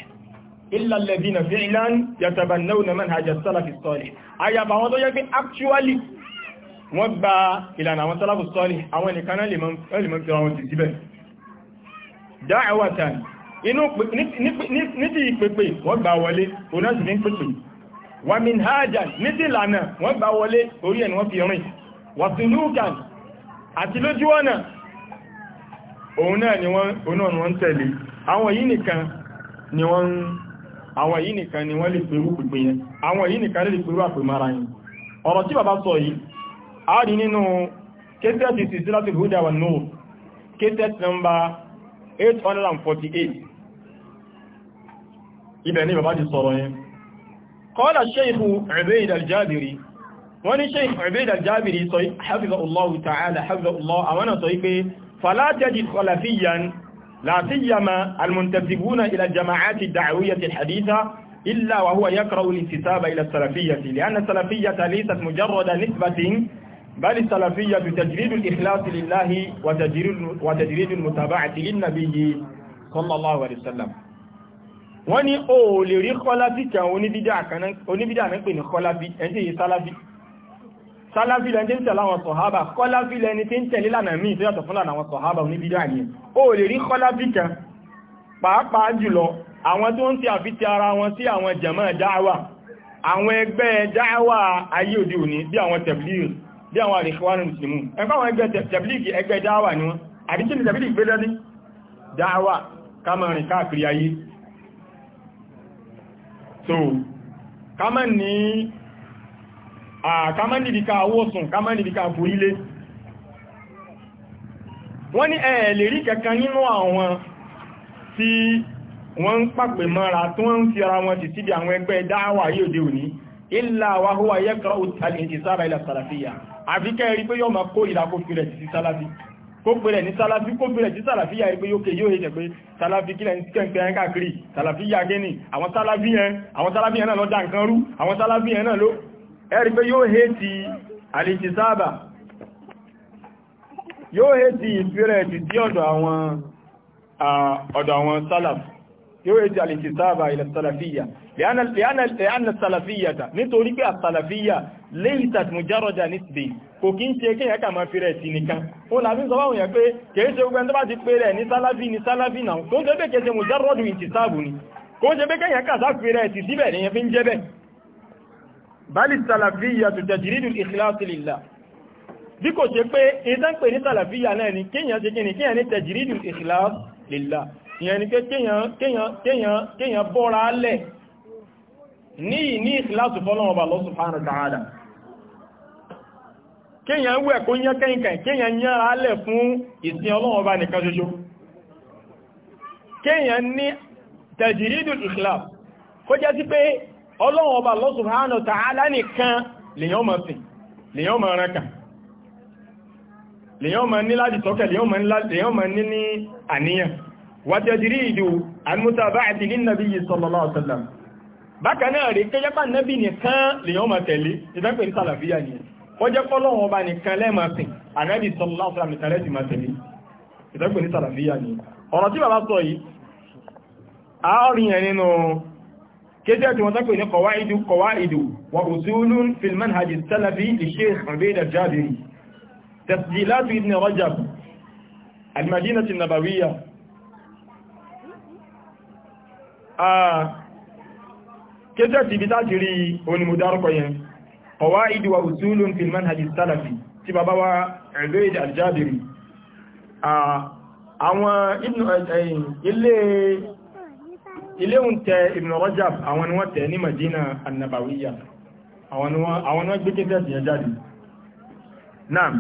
actually wọ́n gba ìlànà àwọn salaf as-salih àwọn ìkaná lè mọ́ fi ra wọn ti inú ní ti ìpèpè wọ́n gbà wọlé òun náà sì fi ń pèpè wàmín hajjá ní ti ìlànà wọ́n gbà wọlé orí ẹni wọ́n fi rìn wàtúlúkàn àti lójú ọ̀nà òun náà ni wọ́n tẹ̀lé àwọn yìí nìkan ni wọ́n àwọn yìí ni wọ́n lè pẹ̀rú pípẹ̀ yẹn àwọn yìí nìkan lè pẹ̀rú àpè mara yìí ọ̀rọ̀ tí bàbá sọ yìí a 848 ibẹ̀ ní bàbá ti sọ̀rọ̀ yẹn qala Shaykh Ubayd al-Jabiri wọ́n ní Shaykh Ubayd al-Jabiri sọ hafizahullahu ta'ala hafizahullahu àwọn sọ pé fala tajid khalafiyan la siyama al-muntasibuna ila al-jama'ati ad-da'wiyyah al-haditha illa wa huwa yakra'u al-intisaba ila al-salafiyyah li'anna al-salafiyyah laysat mujarrada nisbatin بل السلفية تجريد الإخلاص لله وتجريد, وتجريد المتابعة للنبي صلى الله عليه وسلم wọ́n ní o ò lè rí kọ́lábí tí àwọn oníbídà ní pè ní kọ́lábí ẹni tí yìí sálábí sálábí lẹ́ni tí ń tẹ̀lé àwọn sọ̀hábà kọ́lábí lẹ́ni tí ń tẹ̀lé lànà míì tí yàtọ̀ fún lànà àwọn sọ̀hábà oníbídà ní o ò lè rí kọ́lábí kan pàápàá jùlọ àwọn tó ń ti àfi ti ara wọn sí àwọn jàmá dáwà àwọn ẹgbẹ́ dáwà ayé òde òní bí àwọn tẹ̀blíìr bí àwọn àríkíwánù mùsùlùmù ẹgbẹ́ àwọn ẹgbẹ́ tẹ̀blíìr ẹgbẹ́ ni wọ́n àdíkí ni tẹ̀blíìr gbé so kama ní àkàmá nìdíká awọ́sùn kama nìdíká àbúrílé wọ́n ní ẹ̀ lè rí kankan nínú àwọn tí wọ́n ń pàpè mọ́ra tí wọ́n ń fi ara wọn ti síbi àwọn ẹgbẹ́ dáwà yóò dé òní ìlà àwáhúwà yẹ́kọ̀ọ́ òtàlẹ̀ ìsára ilẹ̀ sàràfíyà àfikẹ́ rí pé yọ́ ma kó ìlàkófin rẹ̀ sí sálàfí kó pèrè ní sálàfí kó pèrè tí sálàfí yà pé yóò ké yóò hẹ́ pé sálàfí kílẹ̀ ní kẹ́ǹkẹ́ ẹ̀ káàkiri sálàfí yà gé ní àwọn sálàfí yẹn àwọn sálàfí yẹn náà lọ dá nǹkan rú àwọn sálàfí yẹn náà ló ẹ̀rí pé yóò hẹ́ ti àlejì sáàbà yóò hẹ́ ti ìpìrẹ̀ ti dí ọ̀dọ̀ àwọn ọ̀dọ̀ àwọn sálàf yóò hẹ́ ti àlejì sáàbà ilẹ̀ sálàfíyà lẹ́yìn sálàfíyà nítorí pé àsálàfíyà lẹ́yìn kò kí ń ṣe kí ẹ̀kà máa fi rẹ̀ sí nìkan ó làbí sọ báwọn yẹn pé kìí ṣe gbogbo ẹni tó bá ti pé rẹ̀ ní sálábí ní sálábí náà tó ń ṣe pé kìí ṣe mùjárọ́dù ìtì sáàbù ni kò ń ṣe pé kẹ́yìn ẹ̀kà sá fi rẹ̀ sí síbẹ̀ nìyẹn fi ń jẹ́ bẹ́ẹ̀ bali sàlàfíyà tó tajiridu ìkìláàsì lìlá bí kò ṣe pé ni kéèyàn ni pé kéèyàn bọ́ra lẹ̀ ní fọ́lọ́wọ́ bá Allah subhanahu wa kéèyàn wẹ̀ kó yán kẹ́yìnkẹ́ kéèyàn yán alẹ̀ fún ìsìn ọlọ́run ọba nìkan ṣoṣo kéèyàn ní tẹ̀jìrídù ikhlas kó jẹ́ sí pé ọlọ́run ọba Allah subhanahu wa ta'ala nìkan lèyàn máa sìn lèyàn máa ránkà lèyàn lèyàn máa ní sallallahu alaihi wasallam bákan náà rí kéyẹ́pà nábì nìkan lèyàn máa tẹ̀lé kọjẹ́ kọ́lọ́wọ́ ọba nìkan lẹ́màsìn ànábì sallallahu alaihi wasallam lẹ́sìn máa tẹ̀lé ìtẹ́gbẹ̀ ní sàràfíà ni ọ̀rọ̀ tí bàbá sọ yìí àárín ẹ̀ nínú kéjẹ́ tí wọ́n tẹ́kọ̀ ní qawaidu qawaidu wa usulun fil manhaj qawaid wa usulun fil manhaj salafi tí bàbá wa Ubayd al-Jabiri àwọn ilé ilé oúnjẹ Ibn Rajab àwọn ni wọ́n tẹ̀ ní Madina annabawiyya àwọn ni wọ́n gbé kéfẹ́ sí ẹjáde náà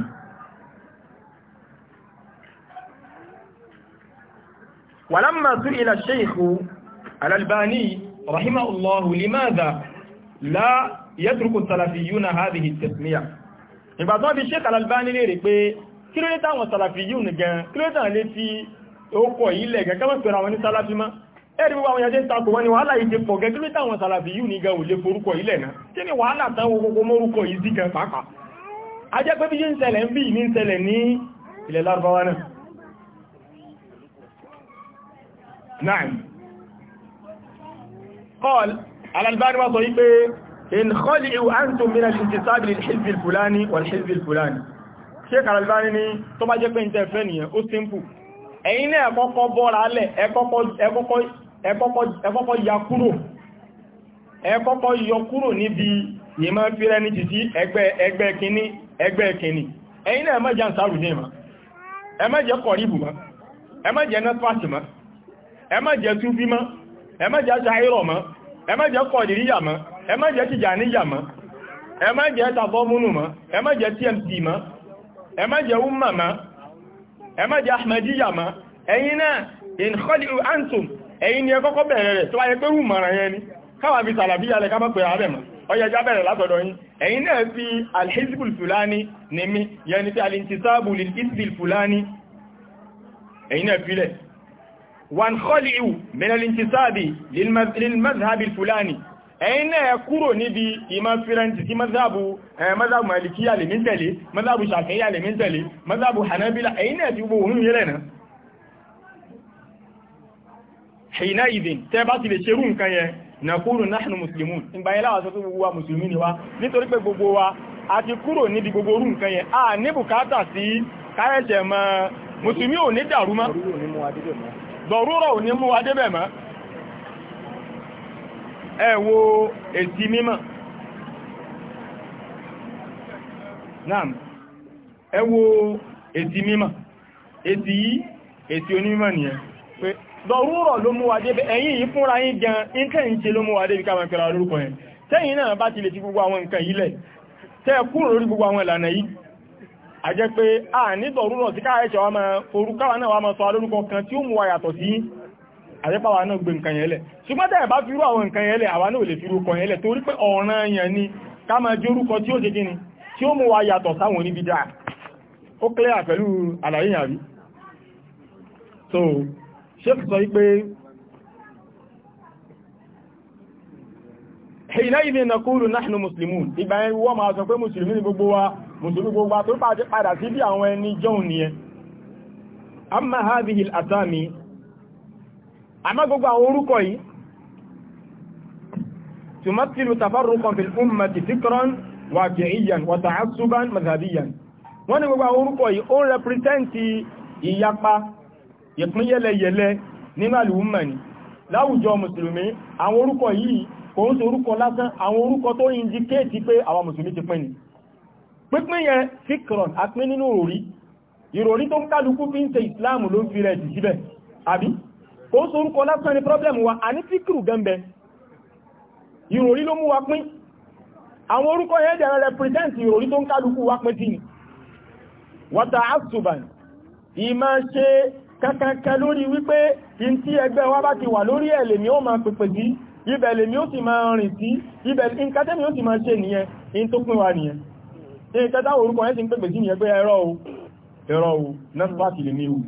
ولما سئل الشيخ الألباني رحمه الله لماذا لا yatruku salafiyuna hadhihi tasmiya ìgbà tó bí Sheikh Al-Albani lè rí pé kí ló lé táwọn salafiyun gan kí ló lé táwọn lé tí ó kọ̀ yìí lẹ̀ gan káwọn pẹ̀rọ àwọn ní salafi mọ́ ẹ̀rí gbogbo àwọn ìyàjẹ́ ìtakò wọn ni wàhálà yìí ti pọ̀ gẹ́ kí ló lé táwọn انخلعوا أنتم من الانتصاب للحزب الفلاني والحزب الفلاني Sheikh Al-Albani ní tó bá jẹ́ pé ń tẹ́fẹ́ nìyẹn ó simple ẹ̀yin náà ẹ̀kọ́kọ́ bọ́ra alẹ́ ẹ̀kọ́kọ́ ya kúrò ẹ̀kọ́kọ́ yọ kúrò níbi ìmọ̀ fíra ní títí ẹgbẹ́ kìíní ẹgbẹ́ kìíní ẹ̀yin náà ẹmẹ́jẹ́ àǹsàrùdé ma ẹmẹ́jẹ́ kọ̀ríbù ma ẹmẹ́jẹ́ nẹ́fàṣì ma ẹmẹ́jẹ́ túnfí ma ẹmẹ́jẹ́ ṣahírọ̀ ma ẹmẹ́jẹ́ kọ̀dìríyà ma ẹ má jẹ́ Tìjàníyà mọ́ ẹ má jẹ́ tàbọ́múnù mọ́ ẹ má jẹ́ TMC mọ́ ẹ má jẹ́ umma mọ́ ẹ má jẹ́ Ahmadiyya mọ́ ẹ̀yin náà in khali'u antum ẹ̀yin ni ẹ kọ́kọ́ bẹ̀rẹ̀ rẹ̀ tó wáyé pé mọ̀ràn yẹn ni káwà fi sàlàbíyà lẹ ká bá pẹ̀rẹ̀ ààrẹ mọ́ ọyẹ já bẹ̀rẹ̀ látọ̀dọ̀ yín ẹ̀yin náà fi alhizbul ẹ̀yin náà kúrò níbi ìmọ̀ fírẹ́ntì tí mọ́sáàbù malikiya lè mítẹ̀lé mọ́sáàbù shafiya lè mítẹ̀lé mọ́sáàbù hanabila ẹ̀yin náà ti gbogbo òun yẹ́lẹ̀ náà ṣìnà ìdìn tẹ́ bá ti lè ṣerú nǹkan yẹn na kúrò náà muslimun ìgbà yẹn láwà sọ pé gbogbo wa musulmi ẹ eti èsì mímọ̀ naam ẹ eti èsì mímọ̀ èsì yìí èsì onímọ̀ nìyẹn pé lọ́rúrọ̀ ló mú wa débi ẹ̀yìn yìí fúnra yín gan nǹkan ń ṣe ló mú wa débi ká máa ti gbogbo gbogbo a a ni lọ́rúrọ̀ sí káà ẹ̀ṣẹ̀ àjẹ́pá wa náà gbé nǹkan yẹn lẹ̀ ṣùgbọ́n tẹ́ẹ̀ bá fi rú àwọn nǹkan yẹn lẹ̀ àwa náà lè fi rú kan yẹn lẹ̀ torí pé ọ̀ràn yẹn ni ká máa jẹ́ orúkọ tí ó jẹ́ kíni tí ó mú wa yàtọ̀ sáwọn oníbi ó clear pẹ̀lú àlàyé so sheikh sọ wípé hìnà muslimun ìgbà yẹn wọ́n máa sọ wa mùsùlùmí gbogbo wa tó padà sí bí àwọn ẹni jọun nìyẹn amma hadhihi al-asami àmá gbogbo àwọn orúkọ yìí tumathilu tafarruqan fil ummati fikran waqi'iyyan wa ta'assuban madhhabiyyan wọ́n ní gbogbo àwọn orúkọ yìí ó rẹpírítẹ́ǹtì ìyapa ìpín yẹlẹyẹlẹ nínú àlùmọ̀ ni láwùjọ mùsùlùmí àwọn orúkọ yìí kò ń sorúkọ lásán àwọn orúkọ tó indikéètì pé àwọn mùsùlùmí ti pín ni pínpín kò sọ orúkọ lásán ni problem wa a ní fíkìrù gẹ́m̀bẹ̀ ìròrí ló mú wa pín àwọn orúkọ yẹn jẹ́ represent ìròrí tó ń kálukú wa pín tìyìn wata asuban ìmá ṣe kankankan lórí wípé in tí ẹgbẹ́ wa bá ti wà lórí ẹ̀ lèmi ó máa pèpè sí ibẹ̀ lèmi ó sì máa rìn sí ibẹ̀ nǹkan tẹ́mi ó sì máa ṣe nìyẹn in tó pín wa nìyẹn nǹkan táwọn orúkọ yẹn ti ń pèpè sí nìyẹn pé ẹ̀rọ o ẹ̀rọ o nọ́sípàtì lèmi o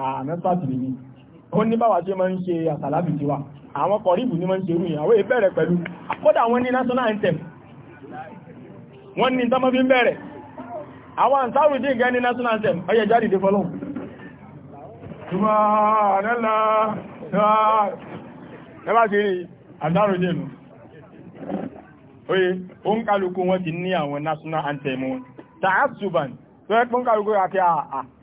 à nọ́sípàtì lèmi o ó ní báwa ṣe máa ń ṣe àsàlábì tiwa àwọn kọ̀ríbù ní máa ń ṣe irú ìyàwó ìbẹ̀rẹ̀ pẹ̀lú kódà wọ́n ní national anthem wọ́n ní tọ́mọ́ fi ń bẹ̀rẹ̀ àwọn àǹsáàrù dín gẹ́ ní national anthem ọyẹ jáde fọ́lọ́ tó ẹ́ pọ́n kàrùkú àti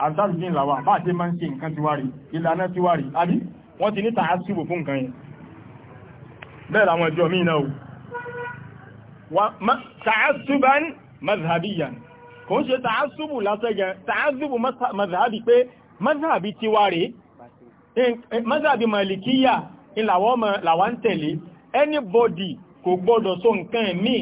àtàrùdín làwà bá àti máa ń ṣe nǹkan tiwárí ìlànà tiwárí àbí wọ́n ti níta àṣìbò fún nǹkan yẹn bẹ́ẹ̀ làwọn ẹjọ́ míì náà tààṣùbán mazhabiyan kò ń mazhabi pé mazhabi tiwárí mazhabi malikiya làwọn tẹ̀lé anybody kò gbọ́dọ̀ sọ nǹkan ẹ̀mí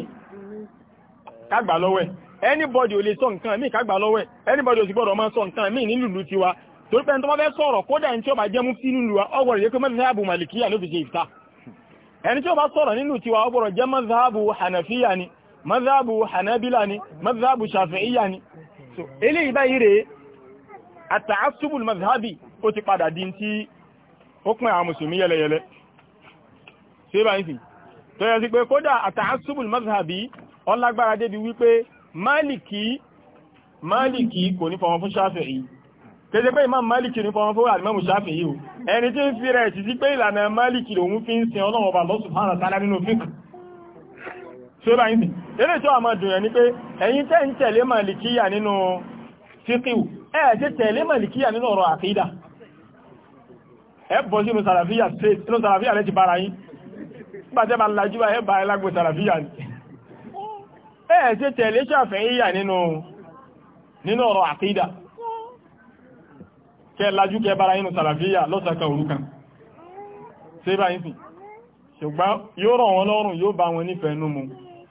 kàgbà lọ́wẹ́ anybody ò lè sọ nǹkan míì kágbà lọ́wọ́ ẹ̀ anybody ò sì gbọ́dọ̀ máa sọ nǹkan míì nílùú tiwa torí pé ẹni tó bá fẹ́ sọ̀rọ̀ kódà ẹni tí ó bá jẹ́ mufti nílùú wa ọgbọ̀rọ̀ yẹ pé mẹ́tẹ́sáàbù màlìkíyà ló fi ṣe ìfta ẹni tí ó bá sọ̀rọ̀ nínú tiwa ọgbọ̀rọ̀ jẹ́ mẹ́tẹ́sáàbù hànàfíyà ni mẹ́tẹ́sáàbù hànàbílà ni mẹ́tẹ́sáàbù ṣàfihíyà ni so eléyìí báyìí rèé àtàásùbù mẹ́tẹ́sáàbì ó ti padà di tí ó pín àwọn mùsùlùmí yẹlẹyẹlẹ ṣé báyìí sì tọ́yẹ sí pé kódà àtàásùbù mẹ́tẹ́sáàbì ọlágbára débi wípé máàlìkì máàlìkì kò ní fọwọ́n fún Ṣáfi'í kéde pé imam máàlìkì ní fọwọ́n fún alimamu Ṣáfi'í o ẹni tí ń fi rẹ̀ títí pé ìlànà máàlìkì lòun fi ń sin ọlọ́wọ́ bá Allah subhanahu wa ta'ala nínú fíkù tí ó bá yìí eré tó àmọ́ dùnyẹ̀ ni pé ẹ̀yin tẹ́ ń tẹ̀lé màlìkíyà nínú fíkíù ẹ ti tẹ̀lé màlìkíyà nínú ọ̀rọ̀ àkídà ẹ bọ́ sínú sàràfíà straight inú sàràfíà rẹ̀ ti bára yín nígbàtẹ́ bá lajú ẹ ẹ̀ ṣe tẹ̀lé ṣàfẹ́yíyà nínú nínú ọ̀rọ̀ àkídà kẹ lajú kẹ bára inú sàlàfíyà lọ́sàkà òrukàn ṣe bá yìí ṣùgbọ́n yóò rọ̀ wọn lọ́rùn yóò bá wọn nífẹ̀ẹ́ nú mu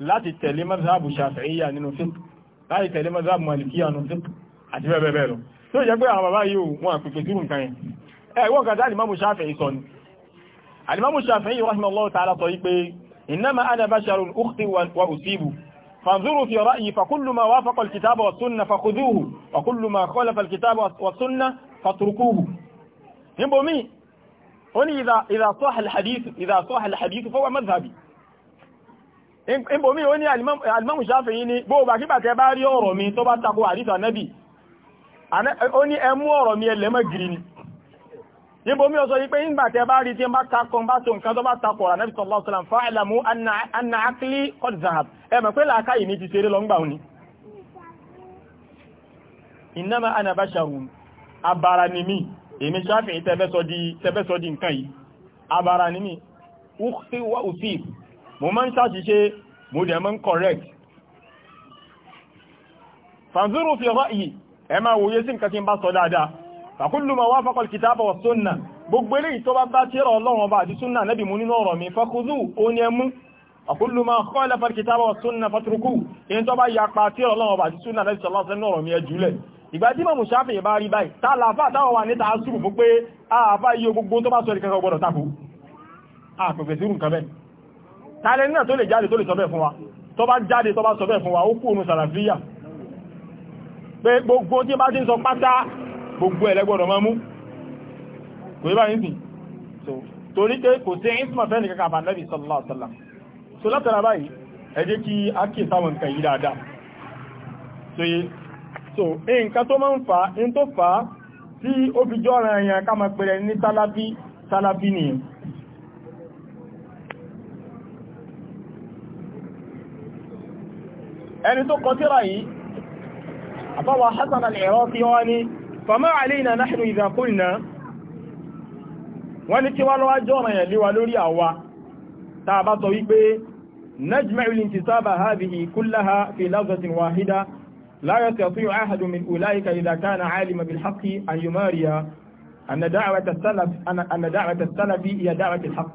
láti tẹ̀lé mazhabu ṣàfẹ́yíyà nínú fík láti tẹ̀lé mazhabu malikiya nínú fík àti bẹ́ẹ̀ bẹ́ẹ̀ lọ tó jẹ́ pé àwọn bàbá yìí wọn àpèpè sírù nǹkan yẹn ẹ̀wọ́n فانظروا في رأيي فكل ما وافق الكتاب والسنة فخذوه وكل ما خالف الكتاب والسنة فاتركوه نبومي هنا إذا إذا صح الحديث إذا صح الحديث فهو مذهبي نبومي هنا الإمام الإمام الشافعي بو باكي باتي باري أورو مي تو با حديث النبي أنا هنا أمو أورو مي لما جريني níbo mi ò sọ wípé ìgbàtẹ̀ bá rí tí ń bá takọ̀ bá tó nǹkan tó bá takọ̀ rà nẹ́bí sallallahu alaihi wasallam fa'lamu anna aqli qad zahab ẹmọ̀ pé làákàyè ní ti ṣeré lọ́ngbà òní innama ana basharun abara ni mi èmi Shafi'i tẹ́fẹ́sọ di nǹkan yìí abara ni mi ukhti wa wòye sí nǹkan tí ń bá sọ dáadáa fàkúlù ma wá fàkọl kìtàbà wà súnnà gbogbo ilé ìtọ́bá bá tíra ọlọ́run ọba àti súnnà nẹ́bì mú nínú ọ̀rọ̀ mi fàkúzù ó ní ẹmú fàkúlù ma kọ́lẹ̀ fàkìtàbà wà súnnà fàtúrukú in tó bá yapa tíra ọlọ́run ọba àti súnnà nẹ́bì sọlá sẹ́nu ọ̀rọ̀ mi ẹ jùlẹ̀ ìgbà tí mọ̀mù sáfì bá rí báyìí tá làfà táwọn wà níta asúrù fún pé àfà iye gbogbo tó bá sọ ìkẹ́kọ̀ọ́ gbọdọ̀ tako àpẹ̀fẹ̀ sírù nǹkan bẹ́ẹ̀ tààlẹ̀ náà tó lè jáde tó lè sọ fún wa tó bá jáde tó bá sọ fún wa ó kú gbogbo ẹ̀lẹ́gbọ́dọ̀ máa mú kò yíba yìí sí torí pé kò sí ìsìnmà fẹ́ni kankan bá nẹ́bí sallallahu alaihi wasallam so látara báyìí ẹ jẹ́ kí a kí sáwọn nǹkan yìí dáadáa so yé so nǹkan tó máa ń fa in tó fa tí ó fi jọ ọ̀rọ̀ ẹ̀yàn ká máa pèrè ní tálábí tálábí nìyẹn ẹni tó kọ tírà فما علينا نحن إذا قلنا ونتوالو أجونا يلي والولي أوا تابطو إبي نجمع الانتصاب هذه كلها في لفظة واحدة لا يستطيع أحد من أولئك إذا كان عالما بالحق أن يماري أن دعوة السلف أن دعوة السلف هي دعوة الحق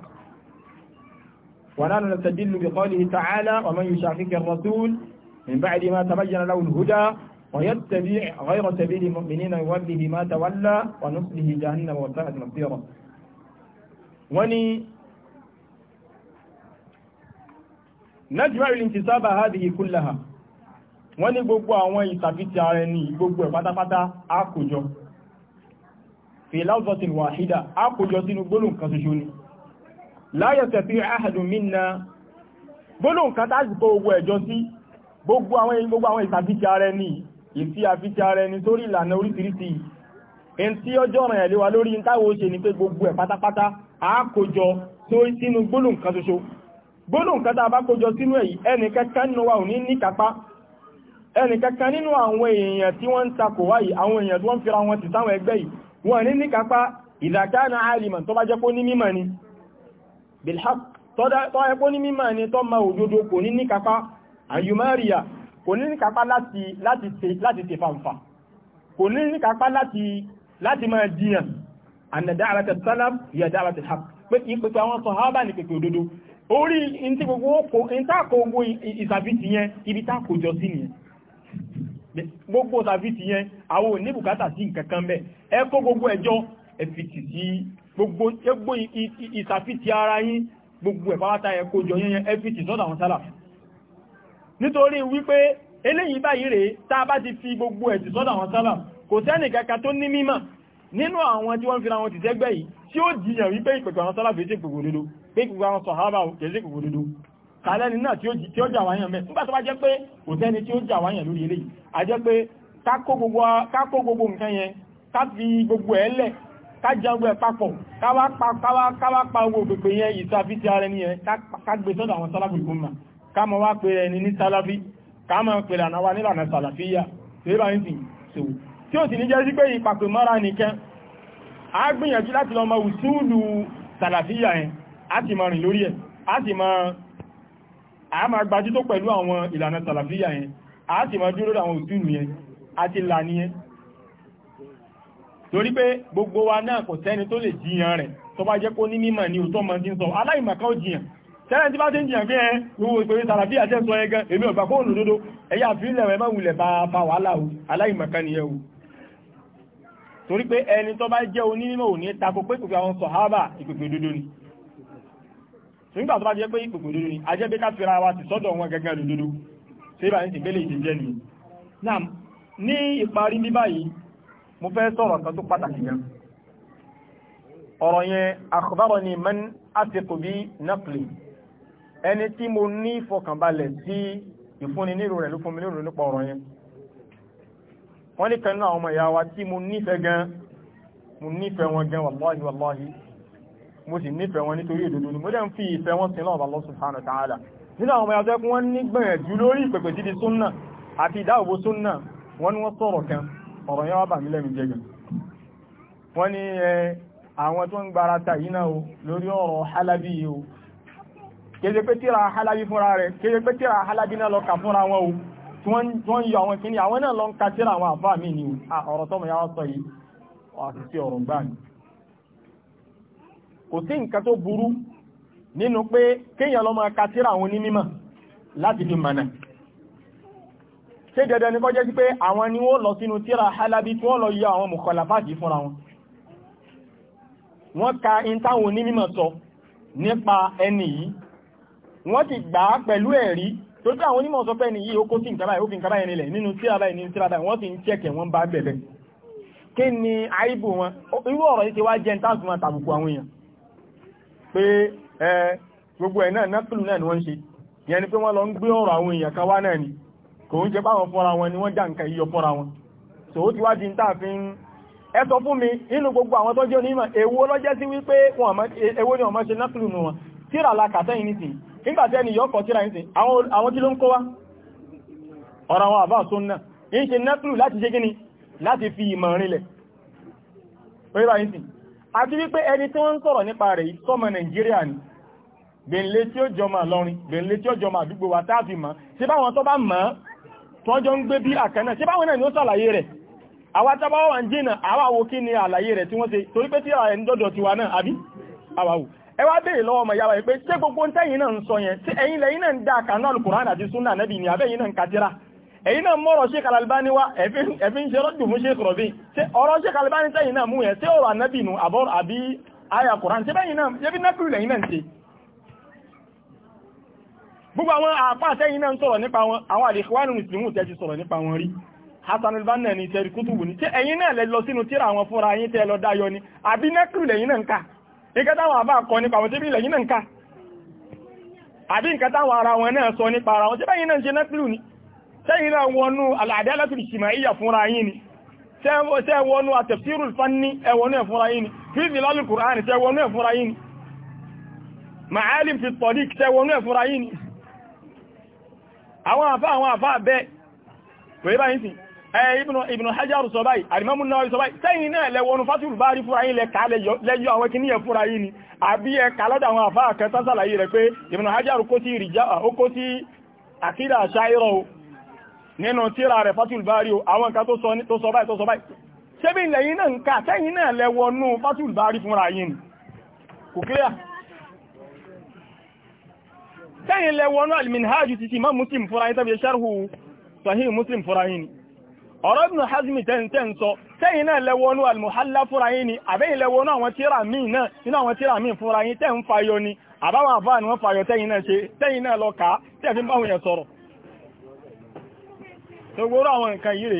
ونحن نستدل بقوله تعالى ومن يشاقك الرسول من بعد ما تبين له الهدى ويتبع غير سبيل المؤمنين يوله ما تولى ونصله جهنم وساءت مصيرا وني نجمع الانتساب هذه كلها wọ́n ní gbogbo àwọn ìtàfíti ara ẹni gbogbo ẹ̀ pátápátá àkójọ filazotin wahida àkójọ sínú gbólóhùn kan ṣoṣo ni láyẹ̀sẹ̀ fi ahadun minna gbólóhùn kan tàbí gbogbo ẹ̀jọ sí gbogbo àwọn ìtàfíti ara ẹni ìfi àfijá rẹ̀ ni sórí ìlànà oríṣiríṣi ẹni tí ọjọ́ ọ̀ràn ẹ̀lẹ́wà lórí táwọn ó ṣe ni pé gbogbo ẹ̀ pátápátá àákójọ tó sínú gbólóhùn kan ṣoṣo gbólóhùn kan tá a bá kójọ sínú èyí ẹnì kankan nínú wa ò ní ní kápá ẹnì kankan nínú àwọn èèyàn tí wọ́n ń takò wáyé àwọn èèyàn tí wọ́n fira wọn ti sáwọn ẹgbẹ́ yìí wọ́n ní ni bilhaq ni tó ma òdodo kò ní ní kápá kò ní níkapá láti láti tè láti tè fanfa kò ní níkapá láti láti máa dìyàn ànàdá àràtẹ sálàm yàdá àràtẹ hàp pé kì í pèpè àwọn sàhábà ní pèpè òdodo orí ntí gbogbo kò ntáàkó gbogbo ìsàfitì yẹn ibi táàkó jọ sí nìyẹn gbogbo ìsàfitì yẹn àwọn òní bùkátà sí nǹkan kan bẹ́ẹ̀ ẹ kó gbogbo ẹjọ́ ẹ fìtì sí gbogbo gbogbo ara yín gbogbo ẹ̀fọ́ látà ẹ jọ yẹn ẹ sọ́dọ̀ àwọn sálàfù nítorí wípé eléyìí báyìí rèé tá a bá ti fi gbogbo ẹ̀sì sọ́dọ̀ àwọn sálà kò sẹ́nì kankan tó ní mímọ̀ nínú àwọn tí wọ́n fi ra wọn ti sẹ́gbẹ́ yìí tí ó jiyàn wípé ìpẹ̀pẹ̀ àwọn sálà fi ṣe gbogbo dodo pé gbogbo àwọn sọ̀hábà kì í ṣe gbogbo dodo kàlẹ́ni náà tí ó jà wáyàn mẹ́ nígbà tó bá jẹ́ pé kò sẹ́ni tí ó jà wáyàn lórí eléyìí a jẹ́ pé ká kó papọ̀ káwá pa owó pèpè yẹn ìsàfíìsì ara ẹni yẹn ká gbé sọ́dọ̀ àwọn sálàbùkún náà káàmọ̀ wá pé ẹni ní sálàfí káàmọ̀ pé lànà wa nílànà sàlàfíyà tẹ́lá ń sì so tí ó sì ní jẹ́ sí pé ìpàpè mọ́ra nìkan a gbìyànjú láti lọ mọ ùsúùlù sàlàfíyà yẹn a sì mọ rìn lórí ẹ̀ a sì mọ a máa gbajú tó pẹ̀lú àwọn ìlànà sàlàfíyà yẹn a sì mọ dúró àwọn ùsúùlù yẹn àti ìlànà yẹn torí pé gbogbo wa náà kò sẹ́ni tó lè jiyàn rẹ̀ tó bá jẹ́ kó ní mímọ̀ ní òótọ́ mọ́ sí ń sọ aláìmọ̀ká ò jiyàn tẹ́rẹ̀ tí bá ti ń jìyàn pé ẹ gbogbo ìpèrè tàràfí àti ẹ̀sọ́ ẹgẹ́ èmi ọ̀gbà kó ònà òdodo ẹ̀yà àfihàn ẹ̀mọ́ wulẹ̀ bá bá wàhálà o aláìmọ̀kan torí pé ẹni tó bá jẹ́ onímọ̀ òní tako pé ni nígbà tó bá jẹ́ pé ìpèpè òdodo ni a jẹ́ pé ká fira wa ti sọ́dọ̀ wọn gẹ́gẹ́ òdodo ṣé bá ń ti gbélé ìdí jẹ́ nìyẹn náà ní ìparí ní báyìí mo fẹ́ sọ̀rọ̀ kan tó pàtàkì gan ọ̀rọ̀ yẹn akhbarani ẹni tí mo ní ìfọkànbalẹ̀ sí ìfúnni nílò rẹ̀ ló fún mi lérò nípa ọ̀rọ̀ yẹn wọ́n ní kan náà ọmọ ìyá wa tí mo nífẹ̀ẹ́ gan mo nífẹ̀ẹ́ wọn gan wàláhì wàláhì mo sì nífẹ̀ẹ́ wọn nítorí òdodo ni mo dẹ̀ ń fi ìfẹ́ wọn sin lọ́wọ́ Allah subhanahu ta'ala nínú àwọn ọmọ ìyá tẹ́kún wọ́n ní gbìyànjú lórí ìpèpè títí súnà àti ìdáàbò súnà wọ́n ní wọ́n sọ̀rọ̀ kan ọ̀rọ̀ yẹn wá bà mí lẹ́nu jẹ́ gan wọ́n ní àwọn tó ń gbára ta yìí náà lórí ọ̀rọ̀ Halabi yìí kéje pé tíra halabi fúnra rẹ̀ kéje pé tíra halabi náà lọ kà fúnra wọn o wọ́n yọ àwọn kìíní àwọn náà lọ ń ka tíra àwọn àfáà mi ni ọ̀rọ̀ tọ́mọ yà sọ yìí àti sí ọ̀rọ̀ gbà mí kò sí nǹkan tó burú nínú pé kéèyàn lọ máa ka tíra àwọn onímọ̀ láti fi mọ̀nà ṣé dandan ni kó jẹ́ sí pé àwọn ni wọ́n lọ sínú tíra halabi tí wọ́n lọ yọ àwọn mùkọ̀láfáàtì fúnra wọn wọ́n ka in táwọn onímọ̀ sọ nípa ẹni yìí wọ́n ti gbà á pẹ̀lú ẹ̀rí tó tí àwọn onímọ̀ ni yíò kó sí nǹkan báyìí ó fi nǹkan báyìí nílẹ̀ nínú tí ara wọ́n ti ń chẹ́kẹ̀ wọ́n bá bẹ̀rẹ̀ kí ni àìbò wọn irú ọ̀rọ̀ yìí ti wá jẹ́ táàtù máa àwọn èèyàn pé gbogbo ni wọ́n nígbàtí ẹni yọ́ kọtíra ìsìn àwọn tí ló ń kó wá ọ̀rọ̀ àwọn àbá súnnà ń ṣe nẹ́kùlù láti ṣe gíní láti fi ìmọ̀ rinlẹ̀ pẹ́lá ìsìn àti wípé ẹni tí wọ́n ń sọ̀rọ̀ nípa rẹ̀ sọmọ Nàìjíríà ni gbẹ̀nlé tí ó jọmọ lọrin gbẹ̀nlé tí ó jọmọ àdúgbò wa táàfì mọ́ ṣe báwọn tó bá mọ́ tó jọ ń gbé bí àkànnà ṣe báwọn náà ni ó sàlàyé rẹ̀ àwa tábáwà ń jìnà àwáwo kí ni àlàyé rẹ̀ tí wọ́n ṣe torí tí àyẹ̀ ń dọ́dọ̀ tiwa náà àbí àwáwò ẹ wá béèrè lọ́wọ́ ọmọ ìyáwá yìí pé ṣé gbogbo ntẹ́yìn náà ń sọ yẹn tí ẹ̀yin lẹ́yìn náà ń da àkànú alukuran àti sunna nẹ́bì ni àbẹ́yìn náà ń kàdíra ẹ̀yin náà mọ́rọ̀ Sheikh Al-Albani wá ẹ̀fí ń ṣe rọ́jù fún Sheikh Rabi ṣé ọ̀rọ̀ Sheikh Al-Albani tẹ́yìn náà mú yẹn tí ọ̀rọ̀ ànábì nù àbọ̀ àbí Hassan al ni tẹ́rì kútùbù ní tí ẹ̀yin náà lẹ lọ sínú tíra àwọn fúnra yín tẹ́ lọ dáyọ ni àbí nẹ́kùrù náà ń kà nǹkan táwọn àbá kọ nípa àwọn tébí ilẹ̀ yìí náà ń ká àbí nǹkan táwọn ara wọn náà sọ nípa ara wọn tí báyìí náà ṣe nẹ́pìlù ni tẹ́yìn náà wọnú al fi zilal al-Qur'an tẹ́ wọnú ẹ̀ fúnra ma'alim fi tariq tẹ́ wọnú ẹ̀ fúnra yìí ni àwọn àfá àwọn Eh, Ibn Hajar sọ báyìí Al-Imam Nawawi sọ báyìí sẹ́yìn náà lẹ́wọnú Fathul Bari fúra yìí lẹ́ka lẹ́yọ àwọn kìíní yẹ fúra yìí ni àbí ẹka lọ́dọ̀ àwọn àfáà kẹta sàlàyé rẹ̀ pé Ibn Hajar kó sí ìrìjá ó sí àkídà ṣáírọ̀ nínú tíra rẹ̀ Fathul Bari àwọn nǹkan tó sọ báyìí tó sọ báyìí ṣébí lẹ́yìn náà nǹka sẹ́yìn náà lẹ́wọnú Fathul Sahih Muslim fúra yìí ni ọ̀rọ̀ Ibn Hazmi tẹ́ntẹ́ ń sọ tẹ́yìn náà lẹ́wọ́nú al-Muhalla fúnra yín ni àbẹ́yìn lẹ́wọ́nú àwọn tíra míì náà nínú àwọn tíra míì fúnra yín tẹ́ ń fayọ ni àbáwọn àfáà ni wọ́n fayọ tẹ́yìn náà ṣe tẹ́yìn náà lọ kàá tẹ́fí báwọn yẹn sọ̀rọ̀ gbogbo àwọn nǹkan yìí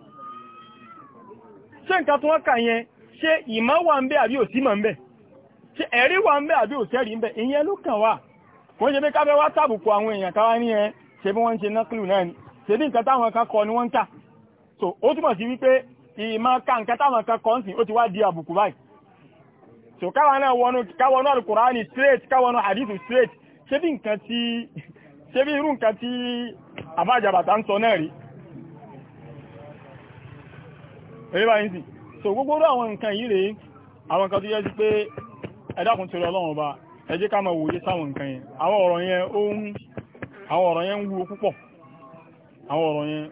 se nǹkan tó wọ́n kà yẹn ṣe ìmọ̀ wà ń bẹ àbí òsì mọ̀ ń bẹ ṣé ẹ̀rí wà ń bẹ àbí òsẹ́rí ń ìyẹn ló kàn kò ń ṣe pé káfẹ́ wá tàbùkù àwọn èèyàn káwá ní ẹ ṣe bí wọ́n ń ṣe nọ́kìlù náà ni ṣe bí nǹkan táwọn kan kọ ni wọ́n ń so ó túmọ̀ sí wípé ìmọ̀ ka nǹkan táwọn kan kọ́ ń sìn ó ti wá di àbùkù báyìí so náà wọnú straight straight ṣe bí nǹkan tí ṣe bí irú èyí báyìí sì so gbogbo rú àwọn nǹkan yìí rèé àwọn nǹkan tó yẹ sí pé ẹ dákun ọlọ́run ọba ẹ ká máa wòye sáwọn nǹkan yẹn àwọn ọ̀rọ̀ yẹn ó àwọn ọ̀rọ̀ yẹn ń púpọ̀ àwọn ọ̀rọ̀ yẹn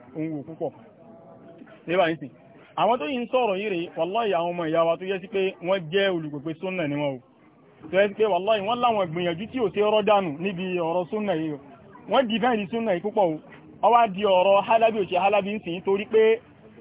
ọmọ ìyá wa tó sí pé wọ́n jẹ́ olùgbègbè wọn o tó yẹ sí pé wọ́n láwọn ìgbìyànjú tí ò sí dànù níbi ọ̀rọ̀ o wọ́n yìí púpọ̀ o di ọ̀rọ̀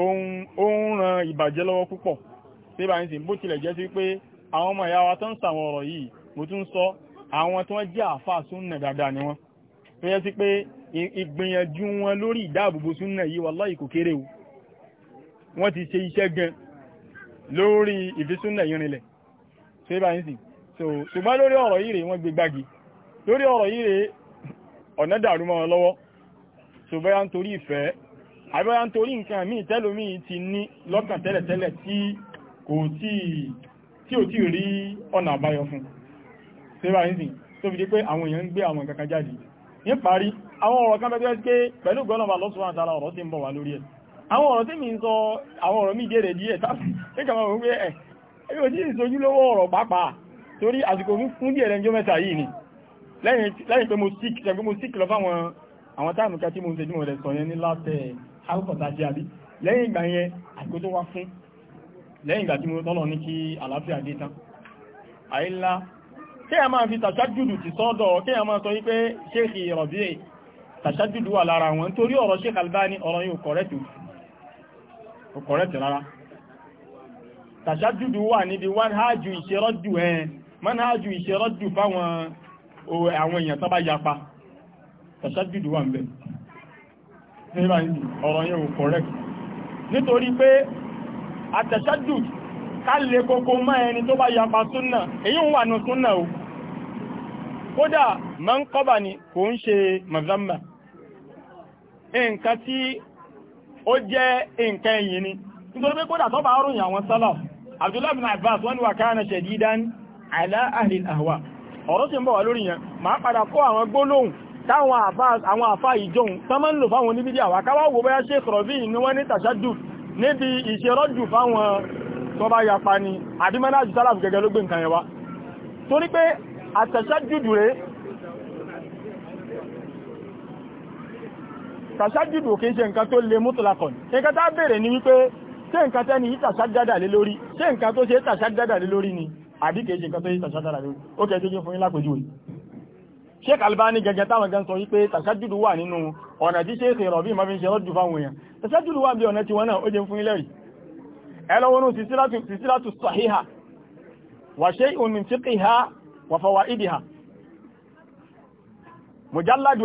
ó ń ran ìbàjẹ́ lọ́wọ́ púpọ̀ tí bá ń sìn bó tilẹ̀ jẹ́ sí pé àwọn ọmọ ìyá wa tó ń sàwọn ọ̀rọ̀ yìí mo tún sọ àwọn tí wọ́n jẹ́ àáfàá súnnà dáadáa ni wọ́n tó yẹ sí pé ìgbìyànjú wọn lórí ìdáàbòbò súnnà yìí wallahi kò kéré o wọ́n ti ṣe iṣẹ́ gan lórí ìfisúnnà yìí rinlẹ̀ tó yẹ bá ń sìn so ṣùgbọ́n lórí ọ̀rọ̀ yìí rèé wọ́n gbé gbági lórí ọ̀rọ̀ yìí rèé ọ̀nà dàrú mọ́ wọn lọ́wọ́ ṣùgbọ́n yá ń torí ìfẹ́ àbẹ́wà ń torí nǹkan míì tẹ́lómí ti ní lọ́kàn tẹ́lẹ̀tẹ́lẹ̀ tí kò tí ò tí rí ọ̀nà àbáyọ fún sẹ́bà ní sìn tó fi di pé àwọn èèyàn ń gbé àwọn kankan jáde ní parí àwọn ọ̀rọ̀ kan bẹ́ẹ̀ pé pẹ̀lú gọ́nàmà lọ́sùn àtàrà ọ̀rọ̀ tí ń bọ̀ wá lórí ẹ̀ àwọn ọ̀rọ̀ tí mi ń sọ àwọn ọ̀rọ̀ mi dèrè díẹ̀ táàkì eh, àwọn táàmù ká tí mo ń ṣe jí mo rẹ̀ sọ yẹn ní látẹ̀ẹ́ alkọ̀tà jẹ́ àbí lẹ́yìn ìgbà yẹn àgbó tó wá fún lẹ́yìn ìgbà tí mo tọ́lọ̀ ní kí àlàáfíà dé tán àìlá kí a máa fi tàṣájúdù ti sọ́dọ̀ kí a máa sọ wípé ṣéèkì ìrọ̀bíè tàṣájúdù wà lára wọn nítorí ọ̀rọ̀ ṣéèkì Albani ọ̀rọ̀ yìí ò kọ̀rẹ́tì rárá tàṣájúdù wà níbi wọ́n hájú ìṣẹ́rọ́dù ẹ̀ mọ́n hájú ìṣẹ́rọ́dù fáwọn àwọn èèyàn tó bá yapa tàṣájúdù wà ń bẹ̀rẹ̀ ẹ̀rọ ìlú ọ̀rọ̀ yẹn ò correct nítorí pé àtẹ̀ṣẹ́dù ká lè kókó mọ́ ẹni tó bá yapa súnà èyí ń wà ní súnà o kódà ma ń kọ́bà ní kò ń ṣe mazamba nǹkan tí ó jẹ́ nǹkan ẹ̀yìn ni nítorí pé kódà tó bá rùn sálà Abdullah bin Abbas wọ́n ni wà kana shadidan ala ahli al-ahwa ọ̀rọ̀ sì ń bọ̀ wà lórí yẹn táwọn àfá ìjọun tán mọ́ ń lò fáwọn oníbídí àwà káwà wò bóyá Sheikh Rabi' ní wọ́n ní tàṣádù níbi ìṣẹ́rọ́jù fáwọn tó bá yapa ni àdímọ́lá jù sálàfù gẹ́gẹ́ ló gbé nǹkan yẹwa torí pé tó le mútùlákọ̀n nǹkan ni wípé ṣé nǹkan tẹ́ni yí tàṣádádà lé lórí ṣé nǹkan tó ni àbí kìí ṣe nǹkan tó yí tàṣádádà lé lórí ó sheik albani gẹ́gẹ́ táwọn gan sọ wípé tàṣájúdù wà nínú ọ̀nà tí sheik rọ̀bí ma fi ń ṣe rọ́jù fáwọn èèyàn tàṣájúdù wà bí ọ̀nà tí wọ́n náà ó jẹ́ fún ilẹ̀ rí ẹlọ́wọ́nú sísílátù sàhíhà wà ṣe omin síkì ha wà fọwà ìdí ha mujalladu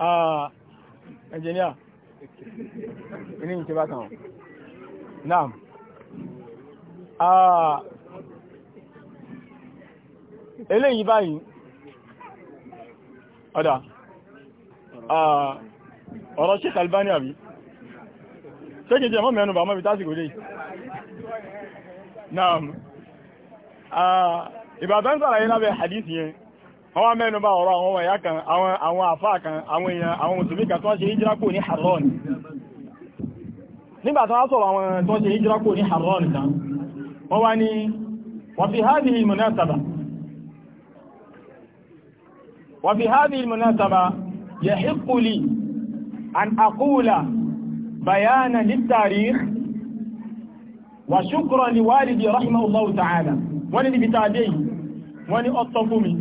ah engineer ini n ṣe bá kan naam ah eléyìí báyìí ọ̀dá ah ọ̀rọ̀ Sheikh Albani àbí ṣe kìí mọ́ mẹ́nu bà mọ́ bí tásìkò dé naam ah ìbàbẹ́ ń sàràyé lábẹ́ hadith yẹn àwọn mẹ́nubà ọ̀rọ̀ àwọn ọmọ ìyá kan àwọn àfáà kan àwọn èèyàn àwọn mùsùlùmí kan tó ṣe ìjírákò ní Harran nígbàtí wọ́n sọ̀rọ̀ àwọn tó ṣe ìjírákò ní Harran tán wọ́n wá ní wàfi hadhihi al-munasaba wàfi hadhihi al-munasaba yahiqqu li an wọ́n ni ọ̀tọ́ fún mi